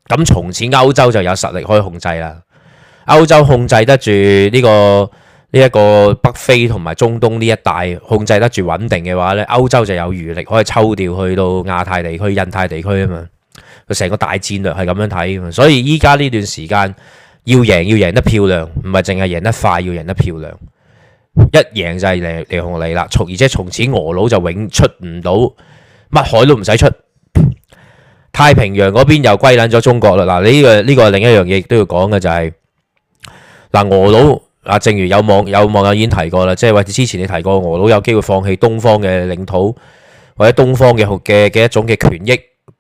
咁從此歐洲就有實力可以控制啦。歐洲控制得住呢、呢個呢一、呢個北非同埋中東呢一帶，控制得住穩定嘅話呢，歐洲就有餘力可以抽調去到亞太地區、印太地區啊嘛。成個大戰略係咁樣睇，所以依家呢段時間要贏，要贏得漂亮，唔係淨係贏得快，要贏得漂亮。一贏就係嚟紅利啦，從而且從此俄佬就永出唔到，乜海都唔使出。太平洋嗰邊又歸攬咗中國啦。嗱，呢個呢個另一樣嘢，亦都要講嘅就係嗱，俄佬嗱，正如有網有網友已經提過啦，即係或者之前你提過俄佬有機會放棄東方嘅領土或者東方嘅嘅嘅一種嘅權益。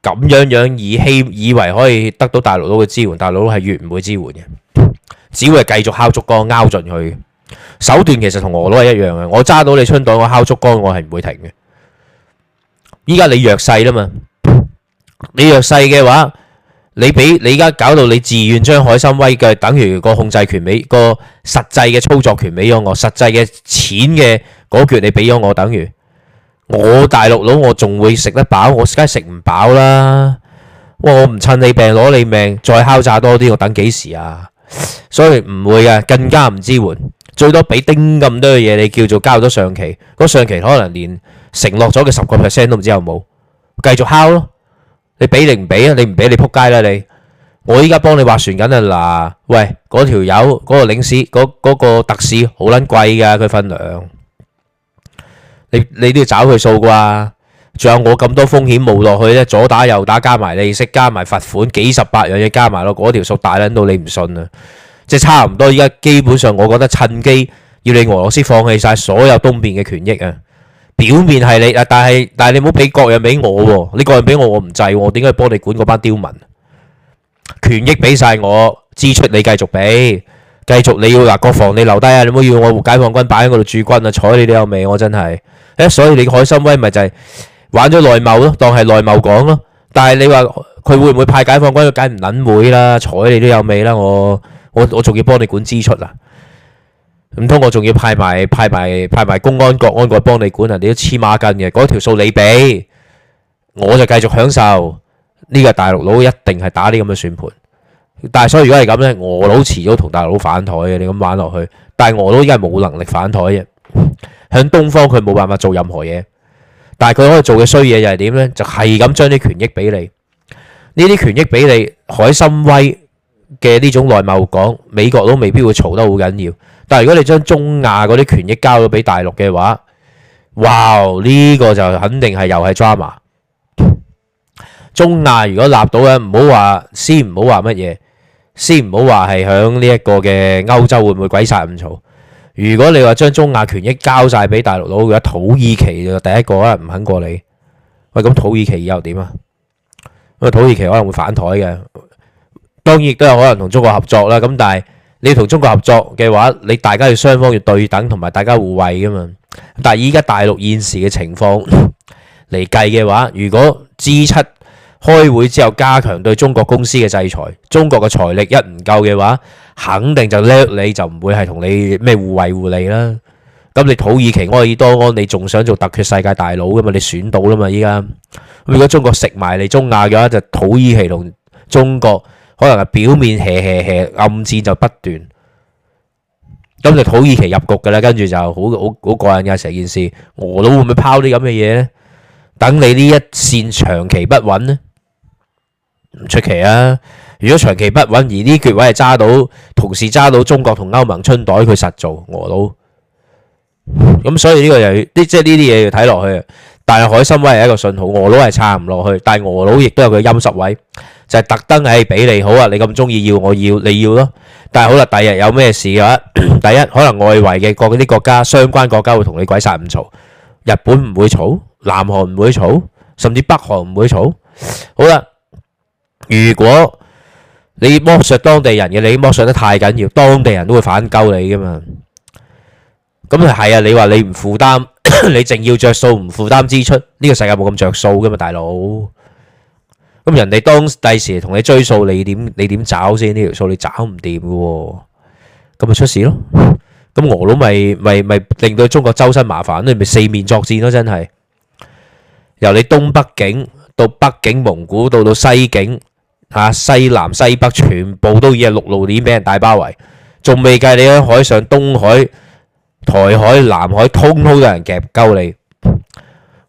咁樣樣以希以為可以得到大陸佬嘅支援，大陸佬係越唔會支援嘅，只會繼續敲竹槓，拗進去。手段其實同俄佬係一樣嘅，我揸到你春袋，我敲竹槓，我係唔會停嘅。依家你弱勢吖嘛，你弱勢嘅話，你俾你而家搞到你自願將海參崴嘅等於個控制權俾個實際嘅操作權俾咗我，實際嘅錢嘅嗰腳你俾咗我，等於。我大陸佬我，我仲會食得飽，我梗係食唔飽啦。哇！我唔趁你病攞你命，再敲詐多啲，我等幾時啊？所以唔會啊，更加唔支援，最多俾丁咁多嘅嘢，你叫做交咗上期，嗰上期可能連承諾咗嘅十個 percent 都唔知有冇，繼續敲咯。你俾定唔俾啊？你唔俾你撲街啦你。我依家幫你劃船緊啊嗱，喂，嗰條友嗰個領事嗰嗰個特使好捻貴噶，佢份糧。你你都要找佢數啩？仲有我咁多風險冒落去咧，左打右打，加埋利息，加埋罰款，幾十百樣嘢加埋咯，嗰條數大撚，到你唔信啊？即係差唔多，依家基本上我覺得趁機要你俄羅斯放棄晒所有東邊嘅權益啊。表面係你，你啊，但係但係你唔好俾各樣俾我喎，你各樣俾我我唔制喎，點解要幫你管嗰班刁民？權益俾晒我，支出你繼續俾，繼續你要嗱國防你留低啊，你唔好要我解放軍擺喺嗰度駐軍啊，睬你都有味，我真係。所以你嘅開心威咪就係玩咗內貿咯，當係內貿講咯。但係你話佢會唔會派解放軍？佢梗唔捻會啦，睬你都有味啦。我我我仲要幫你管支出啊。唔通我仲要派埋派埋派埋公安國安過幫你管啊？人都你都黐孖筋嘅，嗰條數你俾，我就繼續享受。呢個大陸佬一定係打啲咁嘅算盤。但係所以如果係咁咧，俄佬遲早同大陸佬反台嘅。你咁玩落去，但係俄佬依家係冇能力反台嘅。 向東方佢冇辦法做任何嘢，但係佢可以做嘅衰嘢就係點咧？就係咁將啲權益俾你，呢啲權益俾你海參崴嘅呢種內貿港，美國都未必會嘈得好緊要。但係如果你將中亞嗰啲權益交咗俾大陸嘅話，哇！呢個就肯定係又係 drama。中亞如果立到咧，唔好話先，唔好話乜嘢，先唔好話係響呢一個嘅歐洲會唔會鬼殺咁嘈？如果你話將中亞權益交晒俾大陸佬，而家土耳其就第一個可能唔肯過嚟。喂，咁土耳其又點啊？啊，土耳其可能會反台嘅，當然亦都有可能同中國合作啦。咁但係你同中國合作嘅話，你大家要雙方要對等，同埋大家互惠噶嘛。但係依家大陸現時嘅情況嚟 計嘅話，如果 G7 開會之後加強對中國公司嘅制裁，中國嘅財力一唔夠嘅話，肯定就叻，你就唔會係同你咩互惠互利啦。咁你土耳其、埃爾多安，你仲想做突厥世界大佬噶嘛？你選到啦嘛？依家如果中國食埋你中亞嘅話，就土耳其同中國可能係表面 hea hea hea，暗戰就不斷。咁你土耳其入局噶啦，跟住就好好好過癮噶成件事。俄佬會唔會拋啲咁嘅嘢呢？等你呢一線長期不穩呢，唔出奇啊！如果長期不穩，而呢撅位係揸到，同時揸到中國同歐盟春袋，佢實做俄佬咁，所以呢個又要啲即係呢啲嘢要睇落去。但係海參崴係一個信號，俄佬係撐唔落去，但係俄佬亦都有佢陰濕位，就係特登係俾你好啊！你咁中意要我要你要咯。但係好啦，第日有咩事嘅話，第一可能外圍嘅各啲國家相關國家會同你鬼殺唔嘈，日本唔會嘈，南韓唔會嘈，甚至北韓唔會嘈。好啦，如果你剝削當地人嘅，你剝削得太緊要，當地人都會反鳩你噶嘛？咁啊係啊，你話你唔負擔，你淨要著數唔負擔支出，呢個世界冇咁著數噶嘛，大佬？咁人哋當第時同你追數，你點你點找先？呢條數你找唔掂噶喎，咁咪出事咯？咁俄佬咪咪咪令到中國周身麻煩你，咪四面作戰咯，真係由你東北境到北境蒙古，到到西境。吓西南西北全部都已係陸路鏈俾人大包圍，仲未計你喺海上東海、台海、南海通通有人夾鳩你，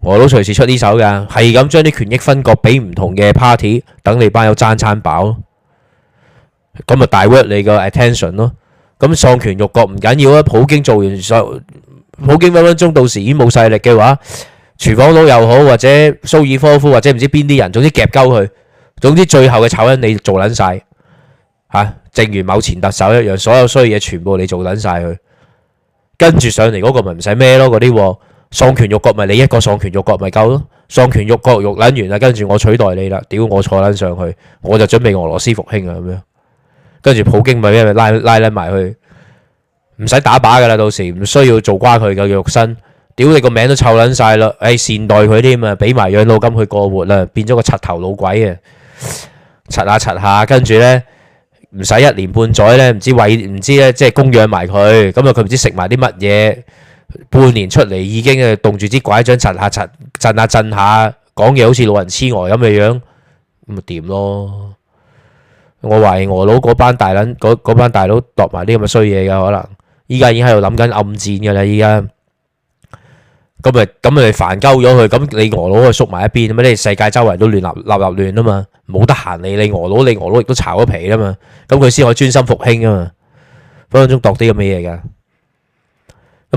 我都隨時出呢首噶，係咁將啲權益分割俾唔同嘅 party，等你班友爭餐飽，咁咪大 work 你個 attention 咯，咁喪權辱國唔緊要啊，普京做完，普京分分鐘到時已經冇勢力嘅話，廚房佬又好，或者蘇爾科夫或者唔知邊啲人，總之夾鳩佢。總之最後嘅炒恩，你做撚晒吓，正如某前特首一樣，所有衰嘢全部你做撚晒佢。跟住上嚟嗰個咪唔使咩咯？嗰啲喪權辱國咪你一個喪權辱國咪夠咯？喪權辱國辱撚完啦，跟住我取代你啦，屌我坐撚上去，我就準備俄羅斯復興啊咁樣。跟住普京咪咩拉拉撚埋去，唔使打靶噶啦，到時唔需要做瓜佢嘅肉身，屌你個名都臭撚晒啦。誒、哎，善待佢添啊，俾埋養老金佢過活啦，變咗個柒頭老鬼啊！刷下刷下，跟住呢，唔使一年半載呢，唔知喂唔知呢，即係供養埋佢咁啊。佢唔知食埋啲乜嘢，半年出嚟已經係凍住支拐杖，刷下刷，震下震下，講嘢好似老人痴呆咁嘅樣咁，咪掂咯。我懷疑我老嗰班大佬嗰班大佬度埋啲咁嘅衰嘢噶，可能依家已經喺度諗緊暗戰噶啦，依家。咁咪咁咪煩鳩咗佢，咁你，你俄佬就縮埋一邊嘛。你世界周圍都亂，亂立立立亂啊嘛，冇得閒你你俄佬你俄佬亦都炒咗皮啊嘛，咁佢先可以專心復興啊嘛，分分鐘度啲咁嘅嘢噶。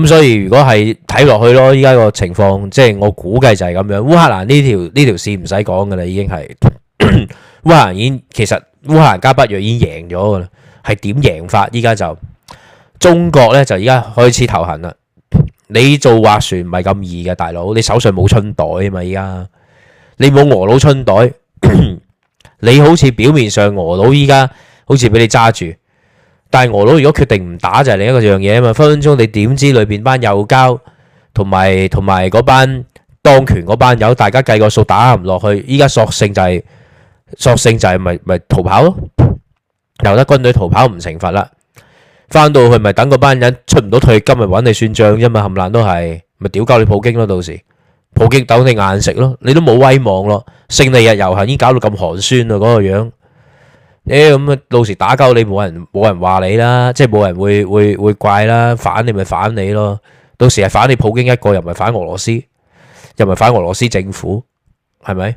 咁所以如果係睇落去咯，依家個情況即係我估計就係咁樣。烏克蘭呢條呢條線，唔使講噶啦，已經係烏 克蘭已經其實烏克蘭加北約已經贏咗噶啦，係點贏法？依家就中國咧就依家開始頭痕啦。你做劃船唔係咁易嘅，大佬。你手上冇春袋啊嘛？依家你冇俄佬春袋， 你好似表面上俄佬依家好似俾你揸住，但係俄佬如果決定唔打就係、是、另一個樣嘢啊嘛。分分鐘你點知裏邊班右膠，同埋同埋嗰班當權嗰班友，大家計個數打唔落去，依家索性就係、是、索性就係咪咪逃跑咯？留得軍隊逃跑唔懲罰啦。翻到去咪等嗰班人出唔到退金，今日揾你算賬啫嘛，冚爛都係，咪屌鳩你普京咯，到時普京等你眼食咯，你都冇威望咯，勝利日遊行已經搞到咁寒酸啊，嗰個樣，誒咁啊，到時打交你冇人冇人話你啦，即係冇人會會會怪啦，反你咪反你咯，到時係反你普京一個，又唔係反俄羅斯，又唔係反俄羅斯政府，係咪？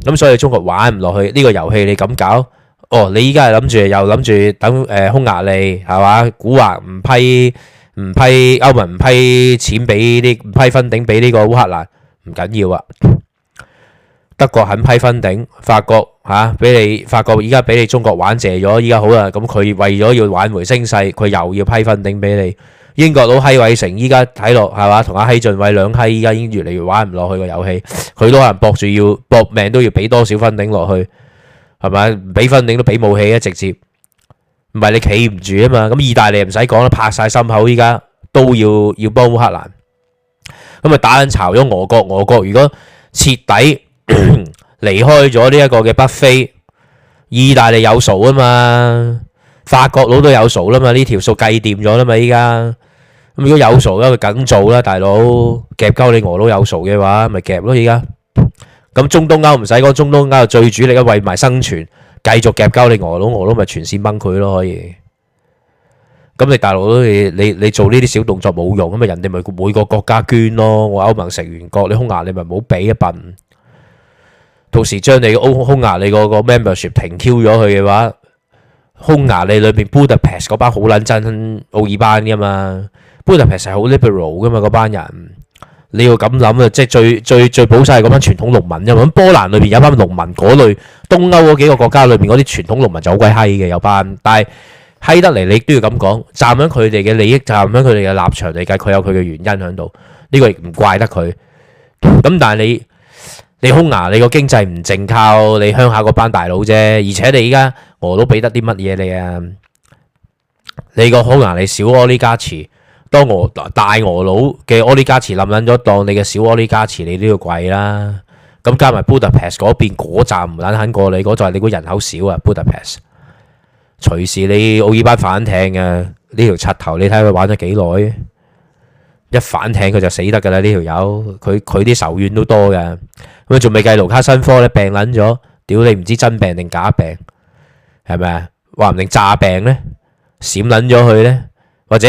咁所以中國玩唔落去呢個遊戲，你咁搞。哦，你依家係諗住，又諗住等誒，匈牙利係嘛？股或唔批唔批歐盟唔批錢俾啲唔批分頂俾呢個烏克蘭唔緊要啊。德國肯批分頂，法國吓俾你，法國依家俾你中國玩謝咗，依家好啦，咁佢為咗要挽回聲勢，佢又要批分頂俾你。英國佬希偉城依家睇落係嘛？同阿希俊偉，兩希依家已經越嚟越玩唔落去個遊戲，佢都可能搏住要搏命都要俾多少分頂落去。係嘛？唔俾分，你都俾武器啊！直接，唔係你企唔住啊嘛？咁意大利唔使講啦，拍晒心口，依家都要要幫烏克蘭。咁啊，打緊巢咗俄國，俄國如果徹底離 開咗呢一個嘅北非，意大利有數啊嘛？法國佬都有數啦嘛？呢條數計掂咗啦嘛？依家咁如果有數咧，佢梗做啦，大佬夾鳩你俄佬有數嘅話，咪夾咯依家。咁中東歐唔使講，中東歐最主力嘅為埋生存繼續夾交你俄佬，俄佬咪全線崩潰咯，可以。咁你大佬，都你你做呢啲小動作冇用，咁啊，人哋咪每個國家捐咯。我歐盟成員國，你匈牙利咪唔好俾一笨。到時將你歐匈牙利個個 membership 停 Q 咗佢嘅話，匈牙利裏面布達佩斯嗰班好撚憎奧爾班噶嘛，Budapest 係好 liberal 噶嘛嗰班人。你要咁諗啊，即係最最最保守係嗰班傳統農民啫嘛！咁波蘭裏邊有班農民嗰類東歐嗰幾個國家裏邊嗰啲傳統農民就好鬼閪嘅有班，但係閪得嚟你都要咁講，站喺佢哋嘅利益，站喺佢哋嘅立場嚟計，佢有佢嘅原因喺度，呢個亦唔怪得佢。咁但係你你匈牙利你個經濟唔淨靠你鄉下嗰班大佬啫，而且你而家我都俾得啲乜嘢你啊？你個匈牙利你少柯尼加茨。當我大俄佬嘅 oligarch 冧捻咗，當你嘅小 oligarch 你都要貴啦。咁加埋 Budapest 嗰邊嗰站唔捻肯過你嗰座，就你估人口少啊？Budapest。隨時你奧爾班反艇嘅呢條柒頭，你睇佢玩咗幾耐？一反艇佢就死得噶啦呢條友，佢佢啲仇怨都多嘅。咁仲未計盧卡申科咧病捻咗，屌你唔知真病定假病係咪啊？話唔定詐病咧，閃捻咗佢咧，或者。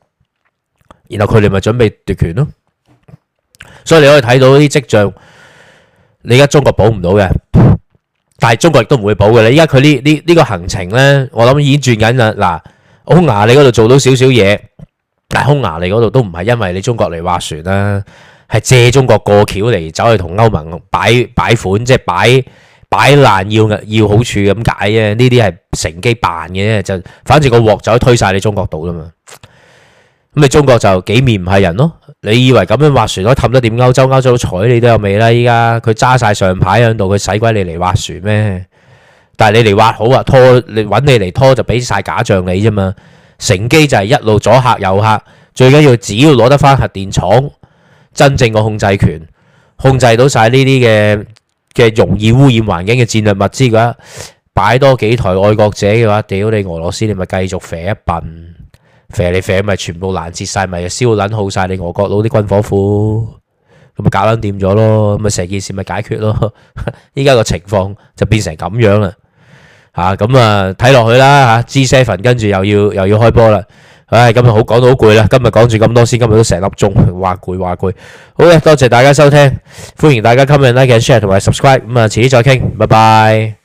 然後佢哋咪準備奪權咯，所以你可以睇到啲跡象。你而家中國保唔到嘅，但係中國亦都唔會保嘅啦。而家佢呢呢呢個行程咧，我諗已經轉緊啦。嗱，匈牙利嗰度做到少少嘢，但係匈牙利嗰度都唔係因為你中國嚟划船啦，係借中國過橋嚟走去同歐盟擺擺款，即係擺擺爛要要好處咁解啫。呢啲係乘機扮嘅啫，就反正個鑊就可推晒你中國度啦嘛。咁你中國就幾面唔係人咯？你以為咁樣劃船可以凼得點？歐洲歐洲彩你都有味啦！依家佢揸晒上牌響度，佢使鬼你嚟劃船咩？但係你嚟挖好啊，拖你揾你嚟拖就俾晒假象你啫嘛！乘機就係一路左吓右客，最緊要只要攞得翻核電廠真正個控制權，控制到晒呢啲嘅嘅容易污染環境嘅戰略物資嘅話，擺多幾台愛國者嘅話，屌你俄羅斯你繼，你咪繼續肥一笨。射你射咪全部攔截晒咪燒捻耗晒你俄國佬啲軍火庫，咁咪搞捻掂咗咯，咁咪成件事咪解決咯。依家個情況就變成咁樣啦，吓咁啊睇落去啦吓。G seven 跟住又要又要開波啦，唉今日好講到好攰啦，今日講住咁多先，今日都成粒鐘話攰話攰。好嘅，多謝大家收聽，歡迎大家 comment like share 同埋 subscribe。咁啊，遲啲再傾，拜拜。